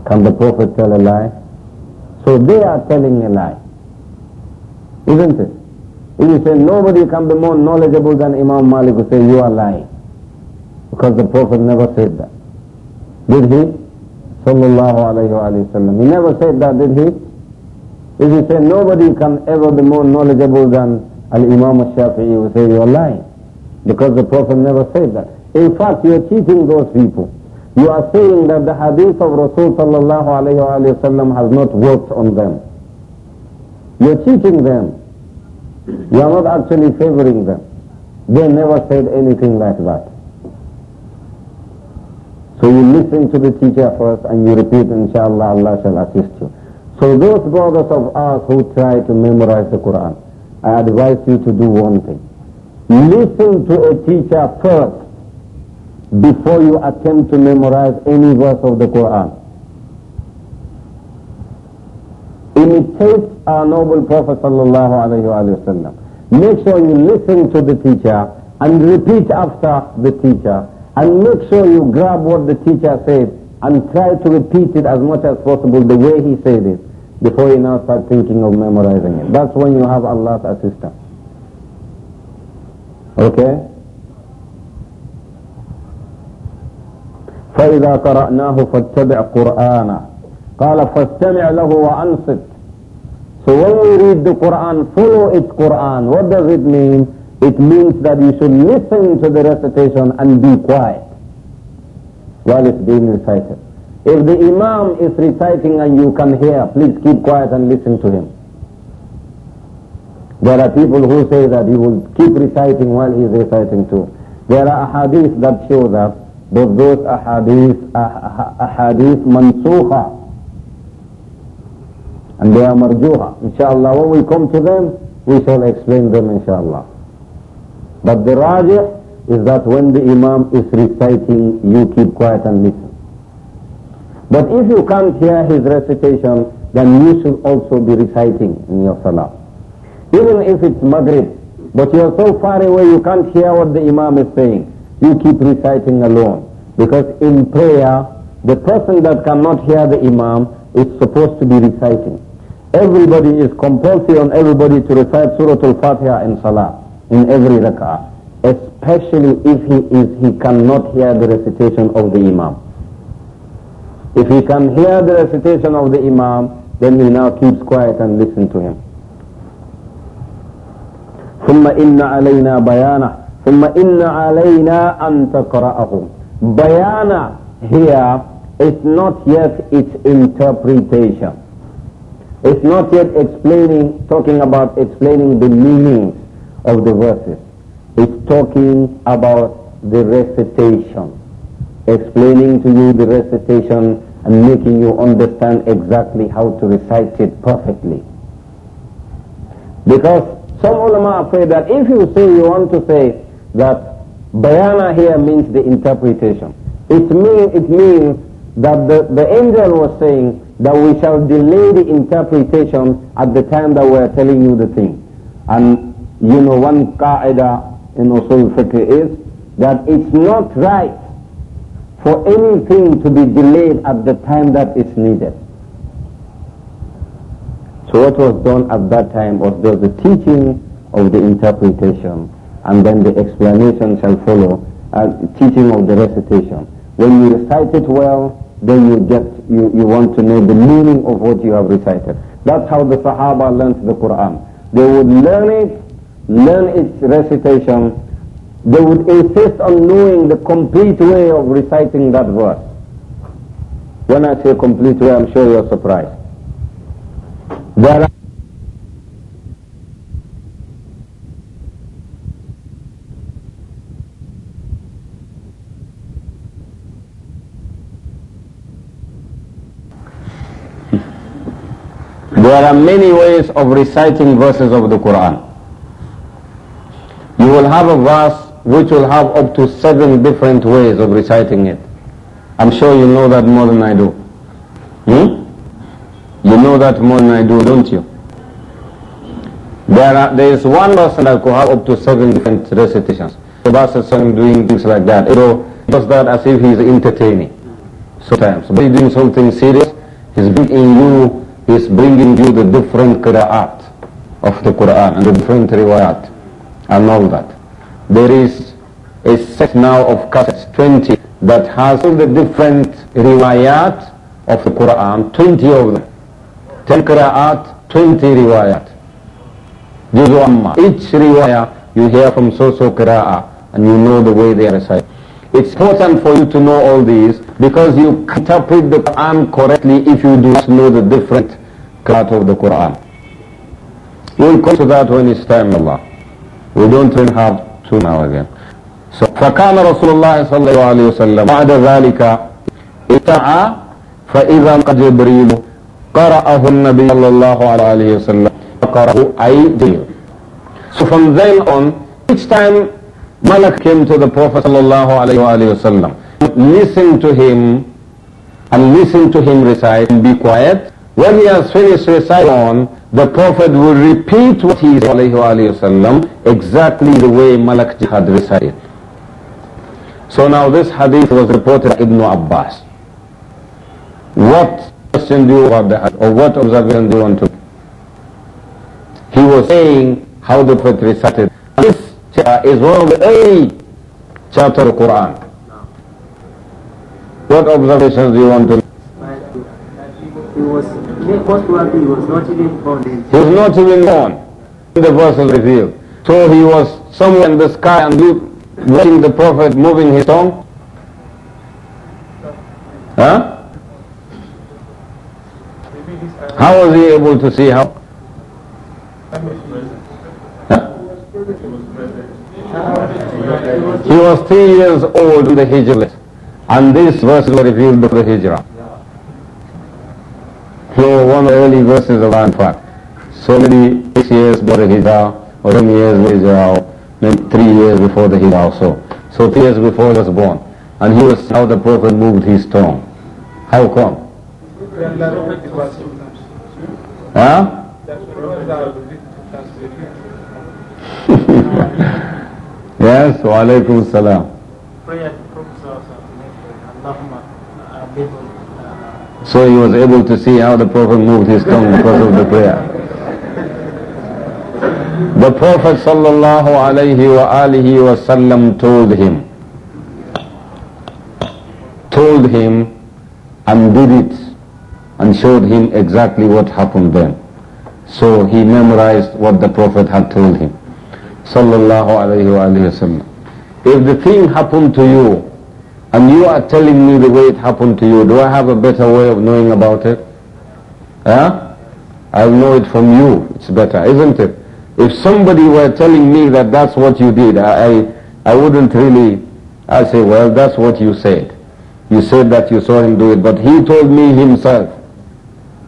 Can the Prophet tell a lie? So they are telling a lie. Isn't it? If you say nobody can be more knowledgeable than Imam Malik who say you are lying. Because the Prophet never said that. Did he? Sallallahu alayhi wasallam. He never said that, did he? If you say nobody can ever be more knowledgeable than Al-Imam al-Shafi'i who say you are lying. Because the Prophet never said that. In fact, you are cheating those people. You are saying that the hadith of Rasul sallallahu alayhi wa sallam has not worked on them. You are cheating them. You are not actually favoring them. They never said anything like that. So you listen to the teacher first and you repeat, inshallah, Allah shall assist you. So those brothers of ours who try to memorize the Quran, I advise you to do one thing. Listen to a teacher first before you attempt to memorize any verse of the Quran. Imitate our noble Prophet sallallahu alaihi wasallam. Make sure you listen to the teacher and repeat after the teacher. And make sure you grab what the teacher said and try to repeat it as much as possible the way he said it before you now start thinking of memorizing it. That's when you have Allah's assistance. Okay? فإذا قرأناه فاتبع قرآنه قال فاستمع له وأنصت So when we read the Quran, follow its Quran. What does it mean? It means that you should listen to the recitation and be quiet while it's being recited. If the Imam is reciting and you can hear, please keep quiet and listen to him. There are people who say that he will keep reciting while he's reciting too. There are hadiths that show that but those ahadith, ah, ah, ah ahadith mansuha And they are marjuha. Inshallah, when we come to them, we shall explain them inshallah. But the rajih is that when the imam is reciting, you keep quiet and listen. But if you can't hear his recitation, then you should also be reciting in your salah. Even if it's Maghrib, but you're so far away you can't hear what the imam is saying. You keep reciting alone. Because in prayer, the person that cannot hear the Imam is supposed to be reciting. Everybody is compulsory on everybody to recite Surah Al-Fatiha in Salah, in every rak'ah. Especially if he is, he cannot hear the recitation of the Imam. If he can hear the recitation of the Imam, then he now keeps quiet and listen to him. ثم إن علينا بيانه ثم إن علينا أن تقرأه بيانا here is not yet its interpretation. It's not yet explaining, talking about explaining the meanings of the verses. It's talking about the recitation, explaining to you the recitation and making you understand exactly how to recite it perfectly. Because some ulama are afraid that if you say you want to say that bayana here means the interpretation. It, mean, it means that the, the angel was saying that we shall delay the interpretation at the time that we are telling you the thing. And you know one qaida in usul fiqh is that it's not right for anything to be delayed at the time that it's needed. So what was done at that time was the teaching of the interpretation and then the explanation shall follow, uh, teaching of the recitation. When you recite it well, then you get, you, you want to know the meaning of what you have recited. That's how the Sahaba learnt the Quran. They would learn it, learn its recitation. They would insist on knowing the complete way of reciting that verse. When I say complete way, I'm sure you're surprised. There There are many ways of reciting verses of the Quran. You will have a verse which will have up to seven different ways of reciting it. I'm sure you know that more than I do. Hmm? You know that more than I do, don't you? There, are, there is one person that could have up to seven different recitations. The verse is doing things like that. You know, does that as if he's entertaining sometimes. But he's doing something serious. He's beating you is bringing you the different qira'at of the Quran and the different riwayat and all that. There is a set now of cassettes, 20, that has all the different riwayat of the Quran, 20 of them. 10 qira'at, 20 riwayat. Each riwayah you hear from so-so qiraat and you know the way they are recited. It's important for you to know all these because you interpret the Quran correctly if you do not know the different out of the Quran. We'll come to that when it's time, Allah. We don't train hard to now again. So, فكان رسول الله صلى الله عليه وسلم بعد ذلك اتعى فإذا جبريل قرأه النبي صلى الله عليه وسلم قرأه أي جبريل So from then on, each time Malak came to the Prophet اللَّهُ عَلَيْهِ وَسَلَّمَ, listen to him and listen to him recite and be quiet when he has finished reciting, the Prophet will repeat what he is exactly the way Malak had recited. So now this hadith was reported by Ibn Abbas. What question do you about or what observation do you want to He was saying how the Prophet recited. This is one of the early chapters of the Quran. What observations do you want to he was, not even born. He was not even born the verse was revealed. So he was somewhere in the sky and you watching the Prophet moving his tongue? Huh? How was he able to see how? He was three years old in the Hijrah and this verse was revealed by the Hijrah. So one of the early verses of in fact. So many six years before the Hijrah, or ten years before the Hijrah, maybe three years before the Hijrah also. So three years before he was born. And he was how the Prophet moved his tongue. How come? Huh? yes, wa alaykum salam. Prayer to Prophet Allahumma uh, so he was able to see how the Prophet moved his tongue because of the prayer. The Prophet sallallahu alaihi wa alihi wasallam told him, told him and did it and showed him exactly what happened then. So he memorized what the Prophet had told him. Sallallahu alayhi wa If the thing happened to you and you are telling me the way it happened to you. Do I have a better way of knowing about it? Yeah, I'll know it from you. It's better, isn't it? If somebody were telling me that that's what you did, I, I, I wouldn't really, I say, well, that's what you said. You said that you saw him do it, but he told me himself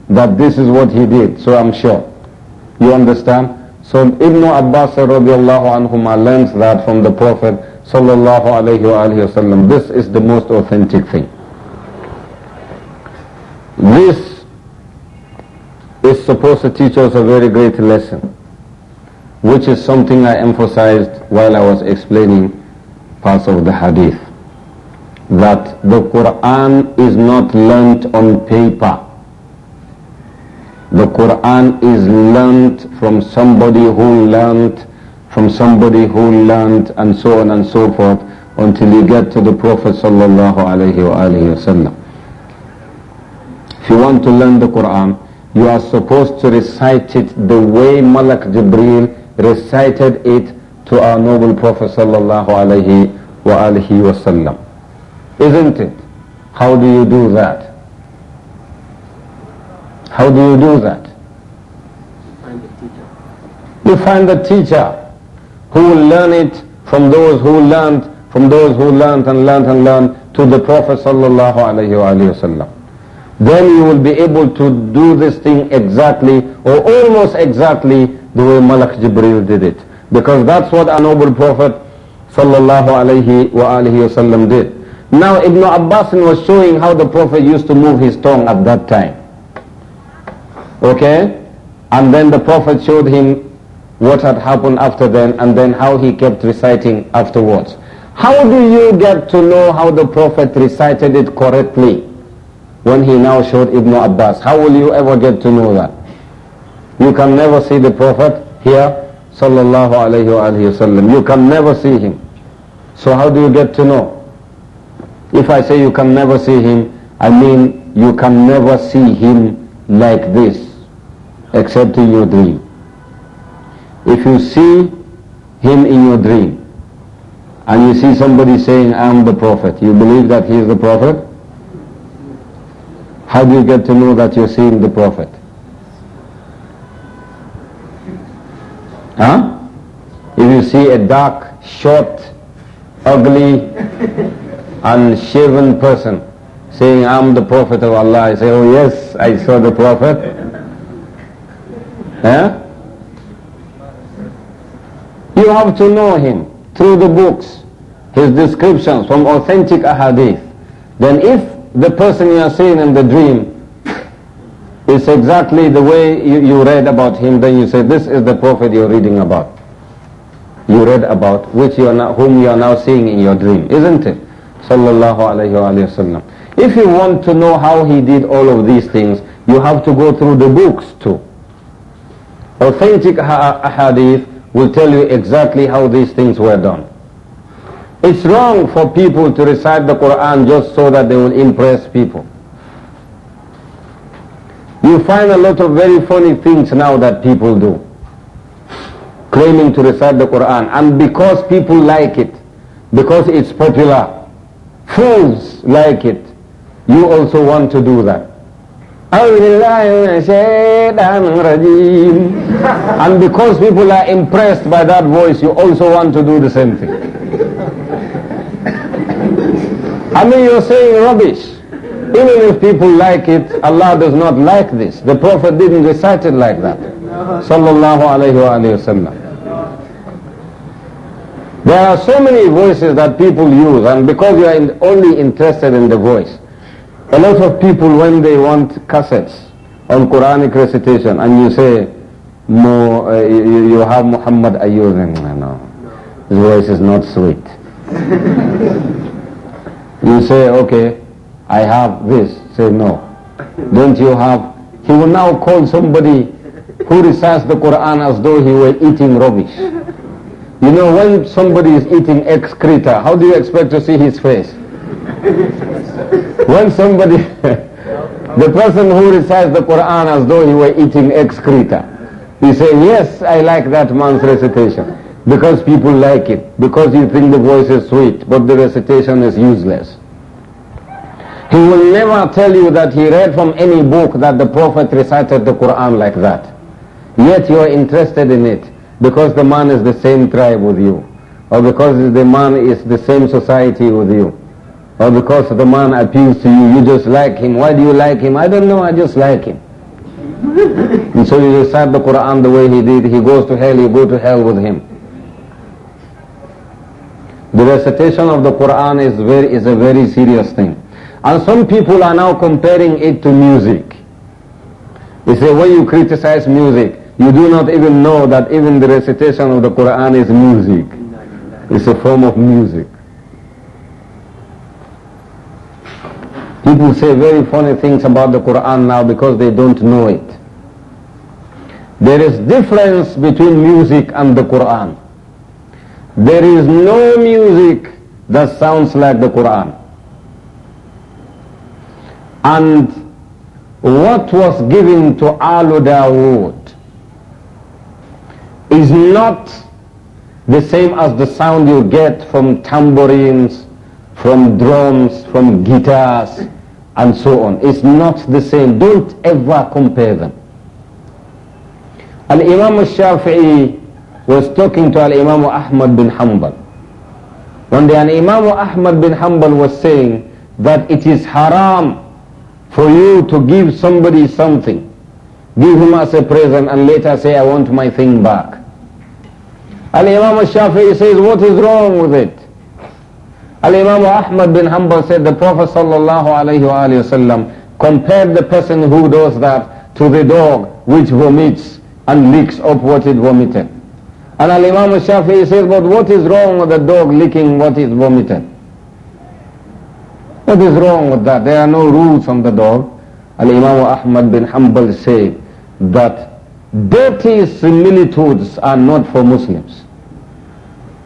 that this is what he did, so I'm sure. You understand? So Ibn Abbas radiallahu anhuma learns that from the Prophet sallallahu alayhi wa alayhi wasallam. This is the most authentic thing. This is supposed to teach us a very great lesson, which is something I emphasized while I was explaining parts of the hadith. That the Quran is not learnt on paper. The Quran is learnt from somebody who learnt from somebody who learned and so on and so forth until you get to the Prophet sallallahu alaihi wasallam. If you want to learn the Quran, you are supposed to recite it the way Malak Jibreel recited it to our noble Prophet sallallahu alaihi wasallam. Isn't it? How do you do that? How do you do that? You find the teacher who will learn it from those who learned, from those who learned and learned and learned to the Prophet sallallahu alayhi wa Then you will be able to do this thing exactly or almost exactly the way Malak Jibril did it. Because that's what our noble Prophet sallallahu alayhi wa alayhi wa did. Now Ibn Abbas was showing how the Prophet used to move his tongue at that time. Okay? And then the Prophet showed him what had happened after then and then how he kept reciting afterwards. How do you get to know how the Prophet recited it correctly when he now showed Ibn Abbas? How will you ever get to know that? You can never see the Prophet here, sallallahu alayhi wasallam. You can never see him. So how do you get to know? If I say you can never see him, I mean you can never see him like this, except in your dream. If you see him in your dream, and you see somebody saying, I'm the prophet, you believe that he is the prophet? How do you get to know that you're seeing the prophet? Huh? If you see a dark, short, ugly, unshaven person saying, I'm the prophet of Allah, I say, oh yes, I saw the prophet. Huh? You have to know him through the books, his descriptions from authentic ahadith. Then if the person you are seeing in the dream is exactly the way you, you read about him, then you say, this is the prophet you're reading about. You read about which you are now, whom you are now seeing in your dream, isn't it? Sallallahu alayhi wa If you want to know how he did all of these things, you have to go through the books too. Authentic ahadith will tell you exactly how these things were done. It's wrong for people to recite the Quran just so that they will impress people. You find a lot of very funny things now that people do, claiming to recite the Quran. And because people like it, because it's popular, fools like it, you also want to do that. And because people are impressed by that voice, you also want to do the same thing. I mean, you're saying rubbish. Even if people like it, Allah does not like this. The Prophet didn't recite it like that. Sallallahu alayhi wa There are so many voices that people use, and because you are in, only interested in the voice, a lot of people when they want cassettes on Quranic recitation and you say, uh, you, you, have Muhammad Ayyub, and no, his voice is not sweet. you say, okay, I have this. Say no. Don't you have? He will now call somebody who recites the Quran as though he were eating rubbish. You know, when somebody is eating excreta, how do you expect to see his face? when somebody, the person who recites the Quran as though he were eating excreta, you say, yes, I like that man's recitation because people like it, because you think the voice is sweet, but the recitation is useless. He will never tell you that he read from any book that the Prophet recited the Quran like that. Yet you are interested in it because the man is the same tribe with you or because the man is the same society with you. Or because the man appeals to you, you just like him. Why do you like him? I don't know, I just like him. and so you recite the Quran the way he did. He goes to hell, you go to hell with him. The recitation of the Quran is, very, is a very serious thing. And some people are now comparing it to music. They say, when you criticize music, you do not even know that even the recitation of the Quran is music. It's a form of music. People say very funny things about the Quran now because they don't know it. There is difference between music and the Quran. There is no music that sounds like the Quran. And what was given to Alu Dawood is not the same as the sound you get from tambourines from drums, from guitars, and so on. It's not the same. Don't ever compare them. Al-Imam al-Shafi'i was talking to Al-Imam Ahmad bin Hanbal. One day Al-Imam Ahmad bin Hanbal was saying that it is haram for you to give somebody something. Give him as a present and later say, I want my thing back. Al-Imam al-Shafi'i says, what is wrong with it? Al-Imam Ahmad bin Hanbal said the Prophet sallallahu alayhi wa sallam compared the person who does that to the dog which vomits and licks up what it vomited. And Al-Imam Shafi'i says, but what is wrong with the dog licking what it vomited? What is wrong with that? There are no rules on the dog. Al-Imam Ahmad bin Hanbal said that dirty similitudes are not for Muslims.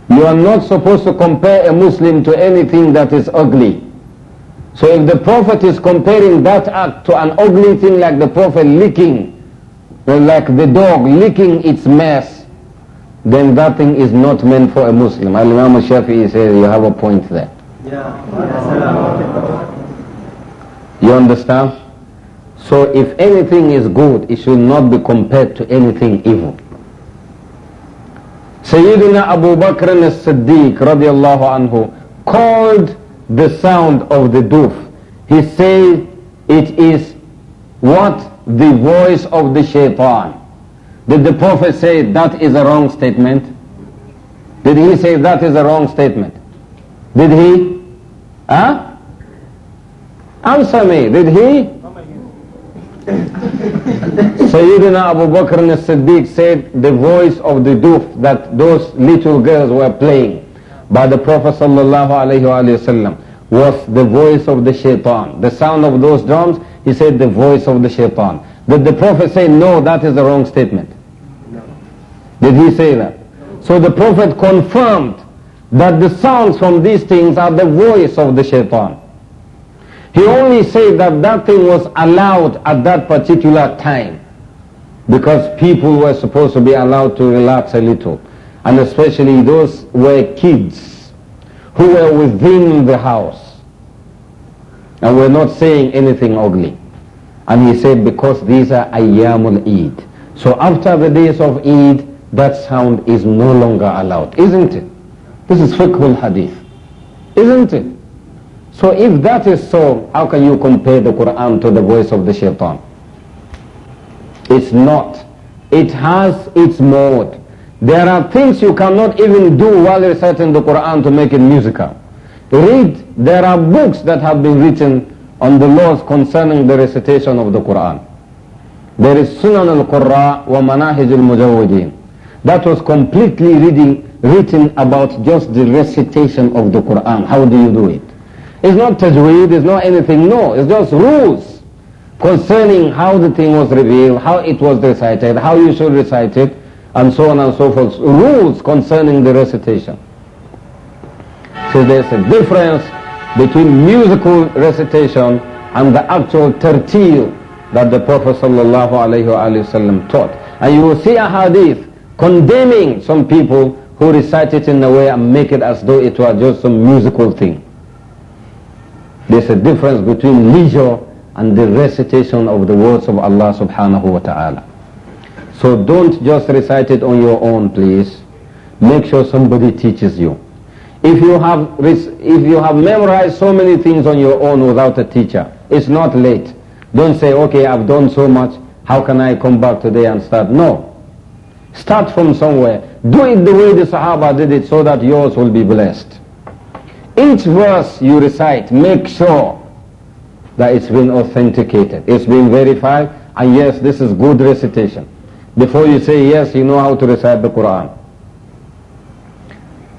You are not supposed to compare a Muslim to anything that is ugly. So if the Prophet is comparing that act to an ugly thing like the Prophet licking, like the dog licking its mess, then that thing is not meant for a Muslim. Al-Imam Shafi'i says you have a point there. Yeah. You understand? So if anything is good, it should not be compared to anything evil. Sayyidina Abu Bakr as-Siddiq radiallahu anhu called the sound of the doof. He said it is what the voice of the shaitan. Did the Prophet say that is a wrong statement? Did he say that is a wrong statement? Did he? Huh? Answer me, did he? Sayyidina Abu Bakr as-Siddiq said the voice of the doof that those little girls were playing by the Prophet sallallahu alayhi was the voice of the shaitan. The sound of those drums, he said the voice of the shaitan. Did the Prophet say no, that is the wrong statement? No. Did he say that? No. So the Prophet confirmed that the sounds from these things are the voice of the shaitan. He only said that that thing was allowed at that particular time because people were supposed to be allowed to relax a little. And especially those were kids who were within the house and were not saying anything ugly. And he said, because these are Ayyamul Eid. So after the days of Eid, that sound is no longer allowed, isn't it? This is fiqhul hadith, isn't it? So if that is so, how can you compare the Quran to the voice of the shaitan? It's not. It has its mode. There are things you cannot even do while reciting the Quran to make it musical. Read, there are books that have been written on the laws concerning the recitation of the Quran. There is Sunan al-Qurra wa Manahij al-Mujawwideen. That was completely reading, written about just the recitation of the Quran. How do you do it? It's not tajweed, it's not anything, no. It's just rules concerning how the thing was revealed, how it was recited, how you should recite it, and so on and so forth. Rules concerning the recitation. So there's a difference between musical recitation and the actual tertil that the Prophet ﷺ taught. And you will see a hadith condemning some people who recite it in a way and make it as though it were just some musical thing. There's a difference between leisure and the recitation of the words of Allah subhanahu wa ta'ala. So don't just recite it on your own, please. Make sure somebody teaches you. If you have, if you have memorized so many things on your own without a teacher, it's not late. Don't say, okay, I've done so much, how can I come back today and start? No. Start from somewhere. Do it the way the Sahaba did it so that yours will be blessed. Each verse you recite, make sure that it's been authenticated. It's been verified. And yes, this is good recitation. Before you say yes, you know how to recite the Quran.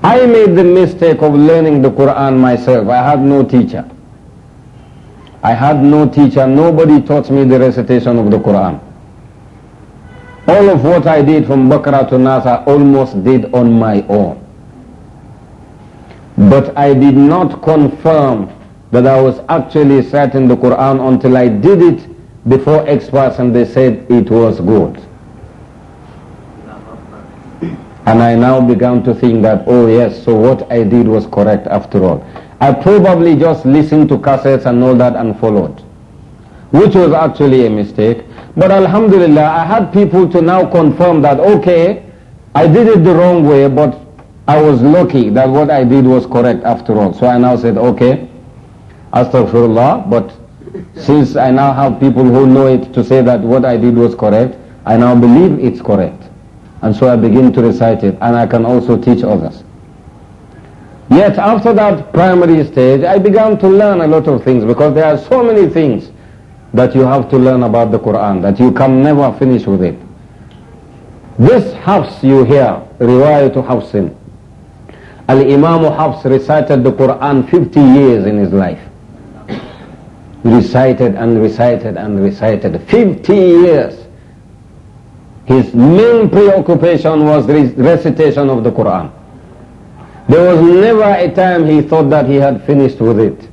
I made the mistake of learning the Quran myself. I had no teacher. I had no teacher. Nobody taught me the recitation of the Quran. All of what I did from Bakra to Nasa, almost did on my own. But I did not confirm that I was actually citing the Quran until I did it before experts and they said it was good. And I now began to think that, oh yes, so what I did was correct after all. I probably just listened to cassettes and all that and followed, which was actually a mistake. But alhamdulillah, I had people to now confirm that, okay, I did it the wrong way, but I was lucky that what I did was correct after all. So I now said, okay, astaghfirullah, but since I now have people who know it to say that what I did was correct, I now believe it's correct. And so I begin to recite it and I can also teach others. Yet after that primary stage, I began to learn a lot of things because there are so many things that you have to learn about the Quran that you can never finish with it. This house you hear, riwayat to Hafsin, Al-Imam Hafs recited the Quran 50 years in his life. Recited and recited and recited. 50 years. His main preoccupation was recitation of the Quran. There was never a time he thought that he had finished with it.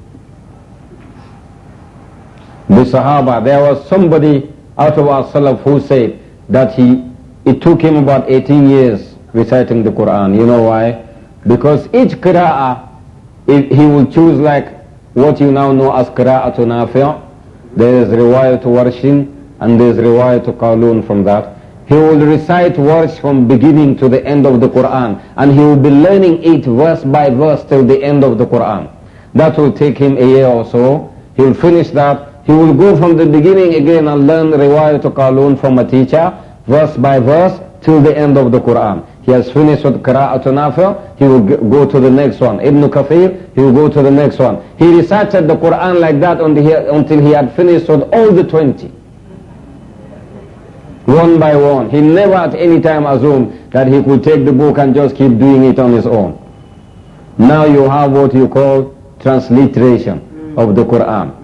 The Sahaba, there was somebody out of our Salaf who said that he, it took him about 18 years reciting the Quran. You know why? Because each qira'ah, he will choose like what you now know as qira'ah to there is riwayah to Warshin and there is riwayah to Qalun from that. He will recite words from beginning to the end of the Quran and he will be learning it verse by verse till the end of the Quran. That will take him a year or so. He will finish that. He will go from the beginning again and learn riwayah to Qalun from a teacher verse by verse till the end of the Quran. He has finished with Qira'atu Nafi', he will go to the next one. Ibn Kathir, he will go to the next one. He recited the Quran like that until he had finished with all the 20. One by one. He never at any time assumed that he could take the book and just keep doing it on his own. Now you have what you call transliteration of the Quran.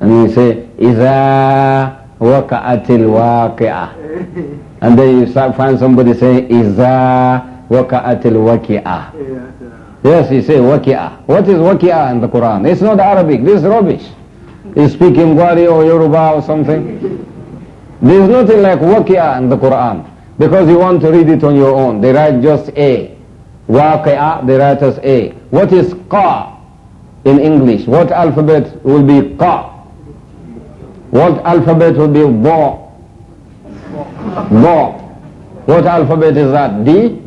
And you say, إِذَا وَقَعَتِ الْوَاقِعَةِ and then you start, find somebody saying, Iza waka'atil waki'ah. Yes, he say waki'ah. What is waki'ah in the Quran? It's not Arabic. This is rubbish. You speak Gwari or Yoruba or something. There's nothing like waki'ah in the Quran. Because you want to read it on your own. They write just A. Waqi'a, they write as A. What is Qa in English? What alphabet will be Qa? What alphabet will be Dha? Bo. What alphabet is that? D?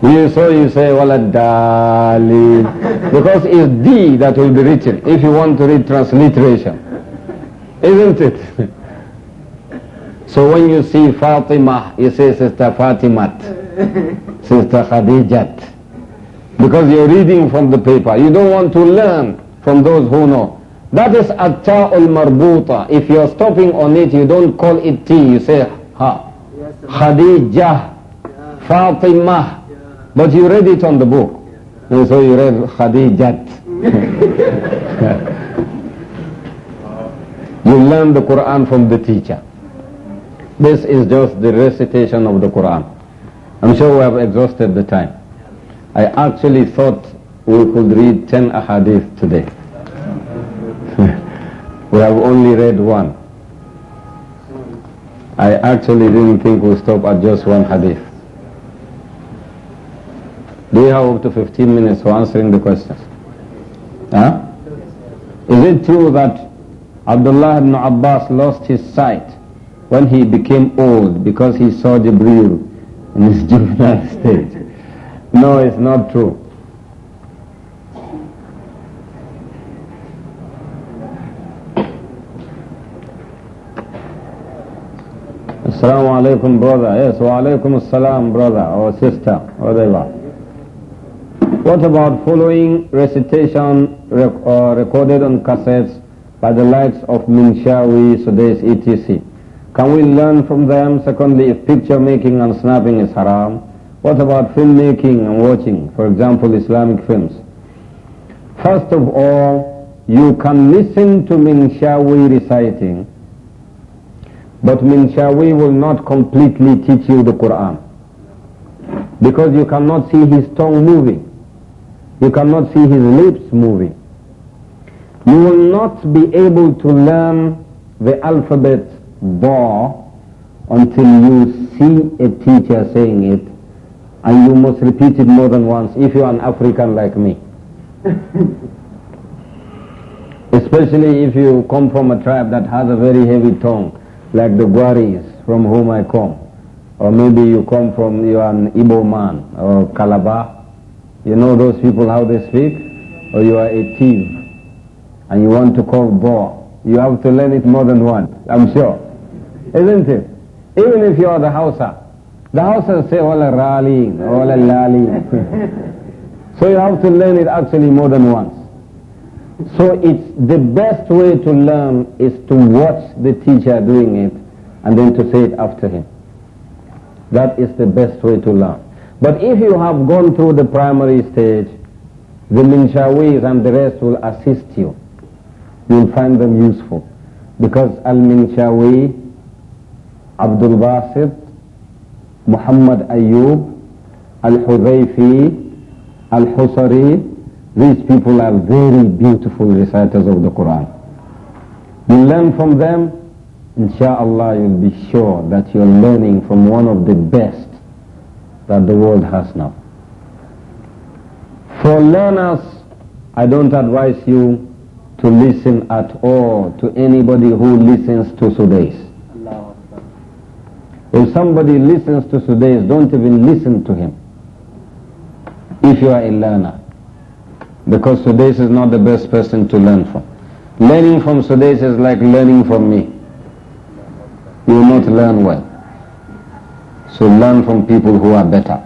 you so you say waladali because it's D that will be written if you want to read transliteration. Isn't it? so when you see Fatima, you say Sister Fatimat, Sister Khadijat. Because you're reading from the paper. You don't want to learn from those who know. That is at-ta'ul marbuta. If you're stopping on it, you don't call it T, you say ha. Yes, Khadija, yeah. Yeah. But you read it on the book. and So you read Khadijat. you learn the Quran from the teacher. This is just the recitation of the Quran. I'm sure we have exhausted the time. I actually thought we could read 10 ahadith today. we have only read one. I actually didn't think we'll stop at just one hadith. Do you have up to 15 minutes for answering the questions? Huh? Is it true that Abdullah ibn Abbas lost his sight when he became old because he saw Jibreel in his juvenile state? No, it's not true. Assalamu alaikum brother. Yes, wa alaikum assalam brother or sister, whatever. What about following recitation rec uh, recorded on cassettes by the likes of Minshawi, Sudesh, etc.? Can we learn from them? Secondly, if picture making and snapping is haram, what about filmmaking and watching, for example, Islamic films? First of all, you can listen to Minshawi reciting but Minshawi will not completely teach you the Quran. Because you cannot see his tongue moving. You cannot see his lips moving. You will not be able to learn the alphabet Ba until you see a teacher saying it and you must repeat it more than once if you are an African like me. Especially if you come from a tribe that has a very heavy tongue like the Gwaris from whom I come. Or maybe you come from, you are an Ibo man or Calabar. You know those people how they speak? Or you are a thief and you want to call Bo. You have to learn it more than once, I'm sure. Isn't it? Even if you are the Hausa. The Hausa say, Wala Rali, Wala Lali. so you have to learn it actually more than once. So it's the best way to learn is to watch the teacher doing it and then to say it after him. That is the best way to learn. But if you have gone through the primary stage, the minshawis and the rest will assist you. You'll find them useful. Because al-minshawi, Abdul Basit, Muhammad Ayub, Al-Hudayfi, Al-Husari, these people are very beautiful reciters of the Quran. You learn from them, inshallah you'll be sure that you're learning from one of the best that the world has now. For learners, I don't advise you to listen at all to anybody who listens to Sudais. If somebody listens to Sudais, don't even listen to him. If you are a learner because Sudais is not the best person to learn from. Learning from Sudais is like learning from me. You will not learn well. So learn from people who are better.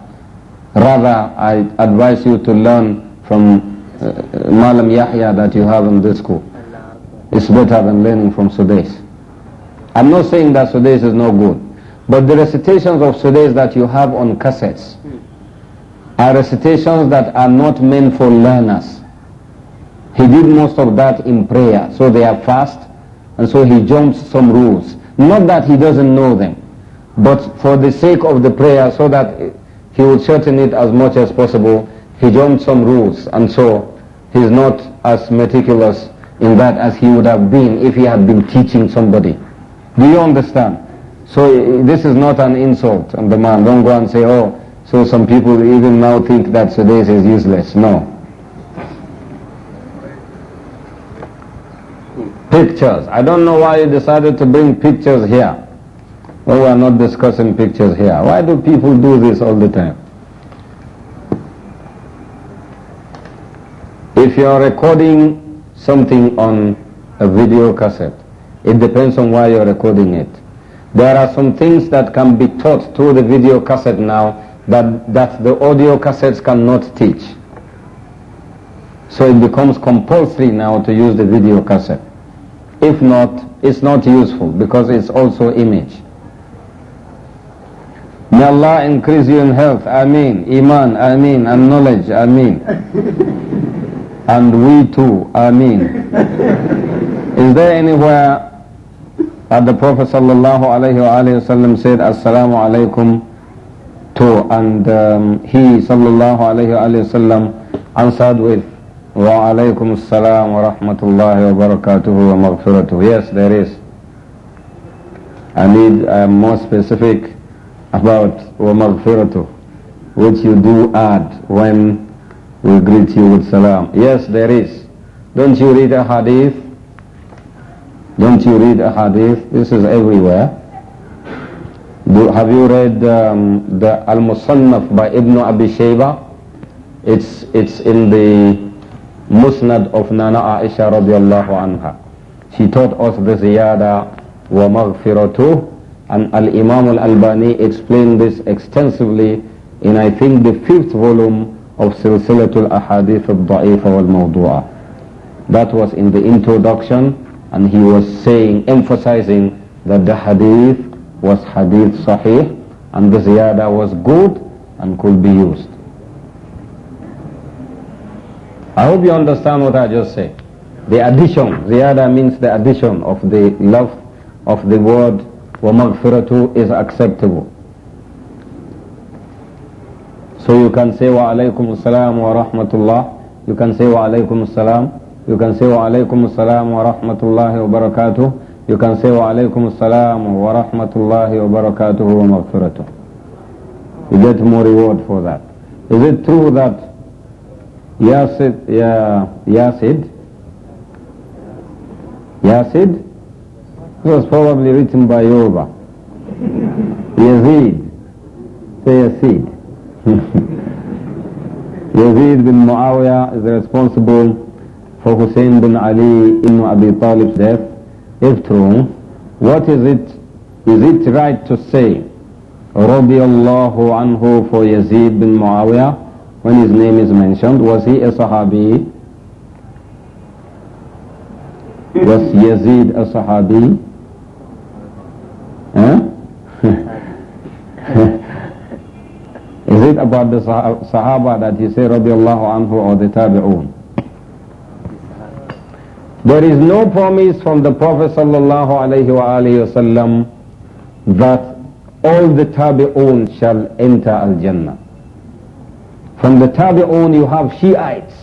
Rather, I advise you to learn from uh, uh Malam Yahya that you have in this school. It's better than learning from Sudais. I'm not saying that Sudais is no good, but the recitations of Sudais that you have on cassettes, are recitations that are not meant for learners. He did most of that in prayer, so they are fast, and so he jumps some rules. Not that he doesn't know them, but for the sake of the prayer, so that he will shorten it as much as possible, he jumped some rules, and so he's not as meticulous in that as he would have been if he had been teaching somebody. Do you understand? So this is not an insult on the man. Don't go and say, oh, so some people even now think that today is useless. No. Pictures. I don't know why you decided to bring pictures here. we are not discussing pictures here. Why do people do this all the time? If you are recording something on a video cassette, it depends on why you are recording it. There are some things that can be taught through the video cassette now that, that the audio cassettes cannot teach. So it becomes compulsory now to use the video cassette. If not, it's not useful because it's also image. May Allah increase you in health, Ameen, Iman, Ameen, and knowledge, Ameen. and we too, Ameen. Is there anywhere that the Prophet sallallahu alaihi wasallam said, Assalamu alaykum and um, he sallallahu alayhi wasallam answered with wa alaykum assalam wa rahmatullahi wa barakatuhu wa maghfiratuhu yes there is I need uh, more specific about wa maghfiratuhu which you do add when we greet you with salam yes there is don't you read a hadith don't you read a hadith this is everywhere do, have you read um, the Al-Musannaf by Ibn Abi Shayba? It's, it's in the Musnad of Nana Aisha radiallahu anha. She taught us the ziyada wa maghfiratu and Al-Imam Al-Albani explained this extensively in I think the fifth volume of Silsilatul Ahadith al daif al mawdua That was in the introduction and he was saying, emphasizing that the hadith was hadith sahih and the ziyada was good and could be used. I hope you understand what I just said. The addition, ziyada means the addition of the love of the word وَمَغْفِرَةُ is acceptable. So you can say wa alaykum salam wa rahmatullah. You can say wa alaykum salam. You can say wa alaykum salam wa rahmatullahi wa barakatuh you can say wa alaykum salam wa rahmatullahi wa barakatuhu wa maghfiratuh. You get more reward for that. Is it true that Yasid, ya, Yasid, Yasid was probably written by Yoruba. Yazid, say Yazid. Yazid bin Muawiyah is responsible for Hussein bin Ali ibn Abi Talib's death if true, what is it, is it right to say رضي الله عنه for Yazid bin Muawiyah when his name is mentioned? Was he a Sahabi? Was Yazid a Sahabi? Huh? is it about the Sahaba that he said رضي الله عنه or the Tabi'un? There is no promise from the Prophet sallallahu that all the tabi'un shall enter al-Jannah. From the tabi'un you have Shiites.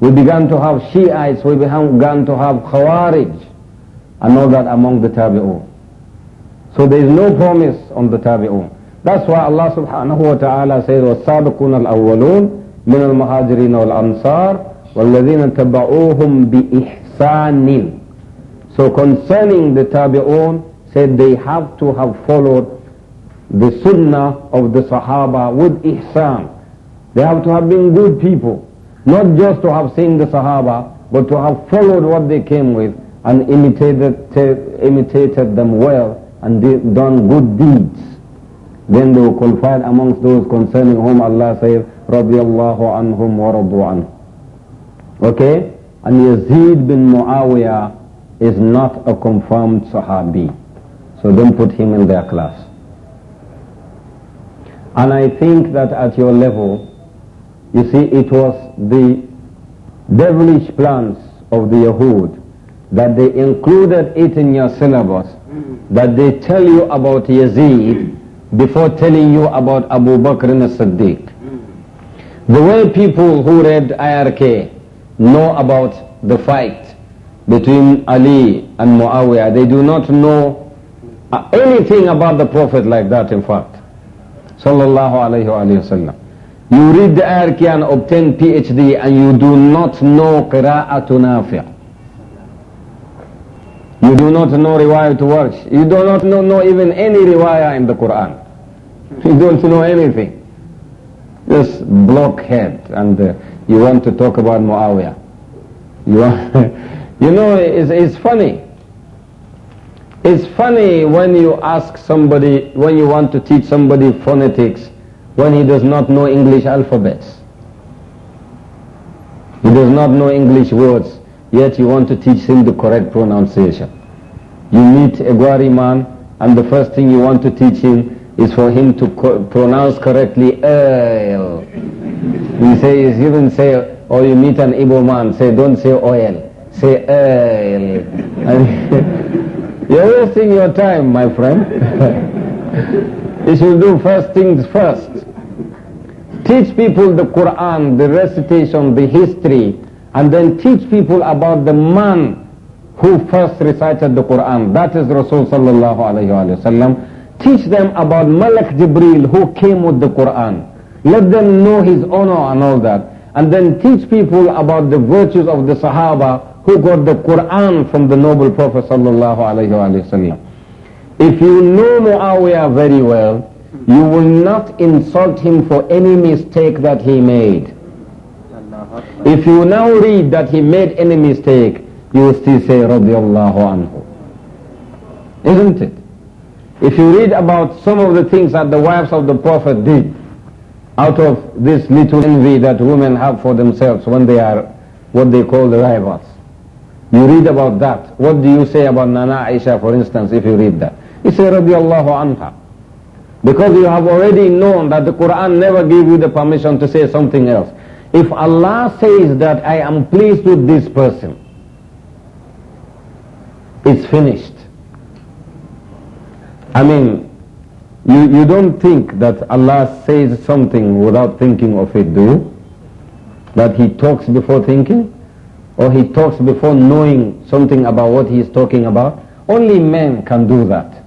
We began to have Shiites, we began to have Khawarij, and all that among the tabi'un. So there is no promise on the tabi'un. That's why Allah subhanahu wa ta'ala says, وَالسَّابِقُونَ الْأَوَّلُونَ مِنَ الْمُهَاجِرِينَ وَالْأَنصَارِ وَالَّذِينَ تَبَعُوهُمْ بِإِحْسَانٍ sanin. So concerning the tabi'un, said they have to have followed the sunnah of the sahaba with ihsan. They have to have been good people, not just to have seen the sahaba, but to have followed what they came with and imitated, imitated them well and done good deeds. Then they were qualified amongst those concerning whom Allah says, رضي الله عنهم ورضوا عنه. Okay? And Yazid bin Muawiyah is not a confirmed Sahabi. So don't put him in their class. And I think that at your level, you see, it was the devilish plans of the Yahud that they included it in your syllabus, that they tell you about Yazid before telling you about Abu Bakr as-Siddiq. The way people who read IRK know about the fight between Ali and Muawiyah. They do not know uh, anything about the Prophet like that, in fact. Sallallahu alayhi wasallam. You read the Arki and obtain PhD and you do not know Qira'atu Nafi'. You do not know riwayah to watch. You do not know, know even any riwayah in the Quran. You don't know anything. Just blockhead and... Uh, you want to talk about Muawiyah. You, you know, it's, it's funny. It's funny when you ask somebody, when you want to teach somebody phonetics, when he does not know English alphabets. He does not know English words, yet you want to teach him the correct pronunciation. You meet a Gwari man, and the first thing you want to teach him is for him to co pronounce correctly, Earl. We say, even say, or oh, you meet an Igbo man, say, don't say oil, say oil. You're wasting your time, my friend. you should do first things first. Teach people the Quran, the recitation, the history, and then teach people about the man who first recited the Quran. That is Rasul sallallahu alayhi wa Teach them about Malak Jibril who came with the Quran. Let them know his honor and all that. And then teach people about the virtues of the Sahaba who got the Quran from the noble Prophet sallallahu alaihi wasallam. If you know Muawiyah very well, you will not insult him for any mistake that he made. If you now read that he made any mistake, you will still say radiallahu anhu. Isn't it? If you read about some of the things that the wives of the Prophet did, out of this little envy that women have for themselves when they are what they call the rivals. You read about that. What do you say about Nana Aisha, for instance, if you read that? You say, radiallahu anha. Because you have already known that the Quran never gave you the permission to say something else. If Allah says that I am pleased with this person, it's finished. I mean, you, you don't think that Allah says something without thinking of it, do you? That He talks before thinking? Or He talks before knowing something about what He is talking about? Only men can do that.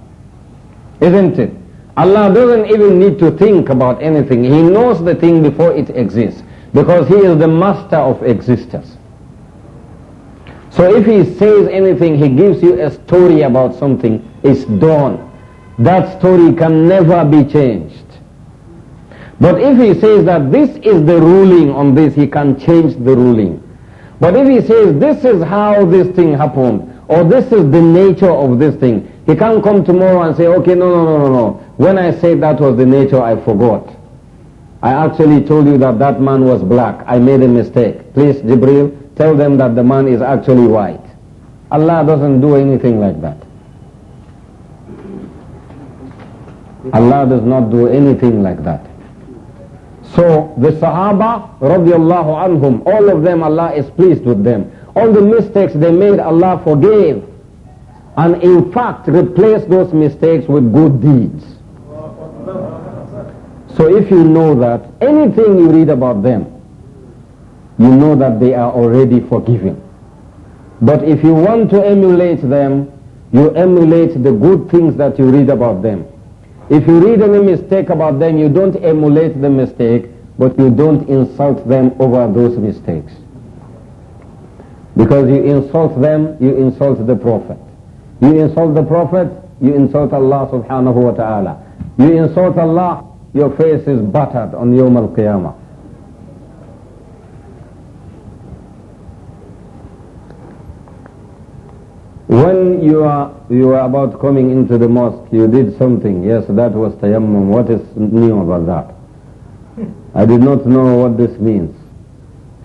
Isn't it? Allah doesn't even need to think about anything. He knows the thing before it exists. Because He is the master of existence. So if He says anything, He gives you a story about something, it's done. That story can never be changed. But if he says that this is the ruling on this, he can change the ruling. But if he says this is how this thing happened, or this is the nature of this thing, he can't come tomorrow and say, okay, no, no, no, no, no. When I said that was the nature, I forgot. I actually told you that that man was black. I made a mistake. Please, Jibril, tell them that the man is actually white. Allah doesn't do anything like that. Allah does not do anything like that. So the Sahaba radiallahu anhum, all of them Allah is pleased with them. All the mistakes they made Allah forgave and in fact replace those mistakes with good deeds. So if you know that anything you read about them, you know that they are already forgiven. But if you want to emulate them, you emulate the good things that you read about them. If you read any mistake about them, you don't emulate the mistake, but you don't insult them over those mistakes. Because you insult them, you insult the Prophet. You insult the Prophet, you insult Allah subhanahu wa ta'ala. You insult Allah, your face is battered on Yawm al-Qiyamah. When you are, you are about coming into the mosque, you did something. Yes, that was tayammum. What is new about that? I did not know what this means.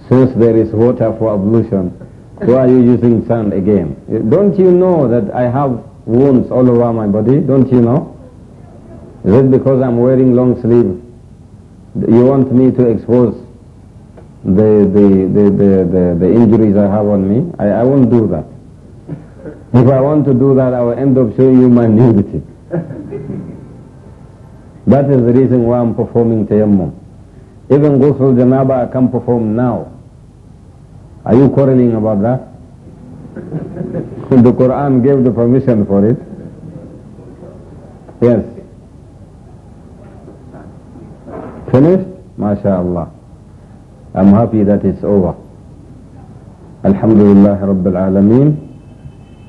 Since there is water for ablution, why are you using sand again? Don't you know that I have wounds all over my body? Don't you know? Is it because I'm wearing long sleeve? You want me to expose the, the, the, the, the, the injuries I have on me? I, I won't do that. If I want to do that, I will end up showing you my nudity. that is the reason why I'm performing tayammum. Even ghusl janaba I can perform now. Are you quarreling about that? the Quran gave the permission for it. Yes. Finished? MashaAllah. I'm happy that it's over. Alhamdulillah Rabbil Alameen.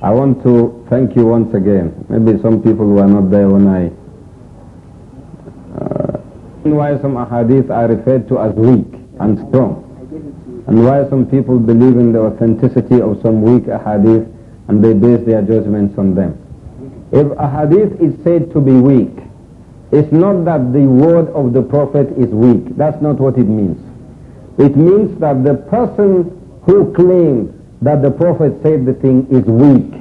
I want to thank you once again. Maybe some people were not there when I... Uh, why some ahadith are referred to as weak and strong. And why some people believe in the authenticity of some weak ahadith and they base their judgments on them. If ahadith is said to be weak, it's not that the word of the Prophet is weak. That's not what it means. It means that the person who claims that the Prophet said the thing is weak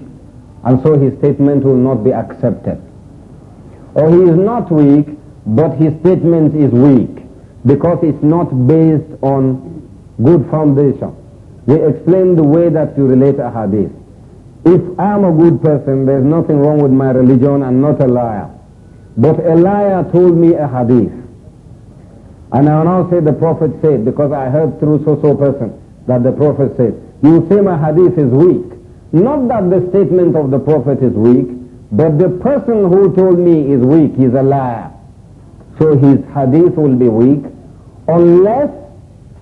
and so his statement will not be accepted. Or he is not weak, but his statement is weak because it's not based on good foundation. We explain the way that you relate a hadith. If I'm a good person, there's nothing wrong with my religion, I'm not a liar. But a liar told me a hadith. And I will now say the Prophet said, because I heard through so-so person that the Prophet said. You say my hadith is weak. Not that the statement of the Prophet is weak, but the person who told me is weak, he's a liar. So his hadith will be weak unless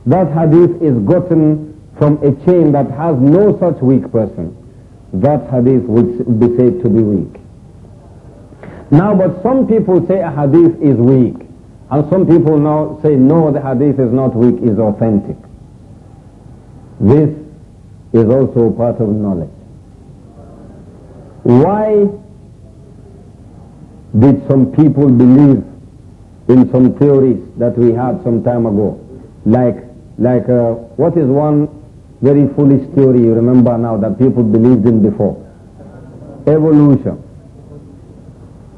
that hadith is gotten from a chain that has no such weak person. That hadith would be said to be weak. Now, but some people say a hadith is weak. And some people now say, no, the hadith is not weak, it's authentic. This is also part of knowledge. Why did some people believe in some theories that we had some time ago? Like, like uh, what is one very foolish theory you remember now that people believed in before? Evolution.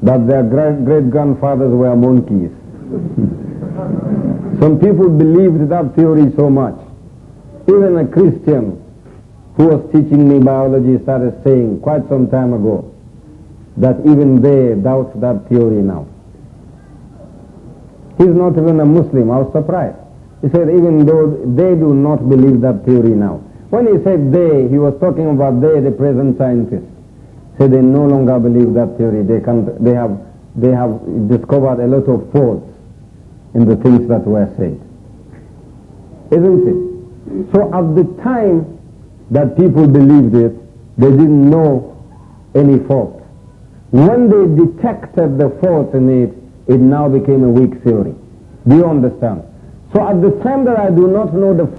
That their great grandfathers were monkeys. some people believed that theory so much. Even a Christian who was teaching me biology started saying quite some time ago that even they doubt that theory now. He's not even a Muslim. I was surprised. He said even though they do not believe that theory now. When he said they, he was talking about they, the present scientists. So they no longer believe that theory. They, can, they, have, they have discovered a lot of faults in the things that were said. Isn't it? So at the time, that people believed it, they didn't know any fault. When they detected the fault in it, it now became a weak theory. Do you understand? So at the time that I do not know the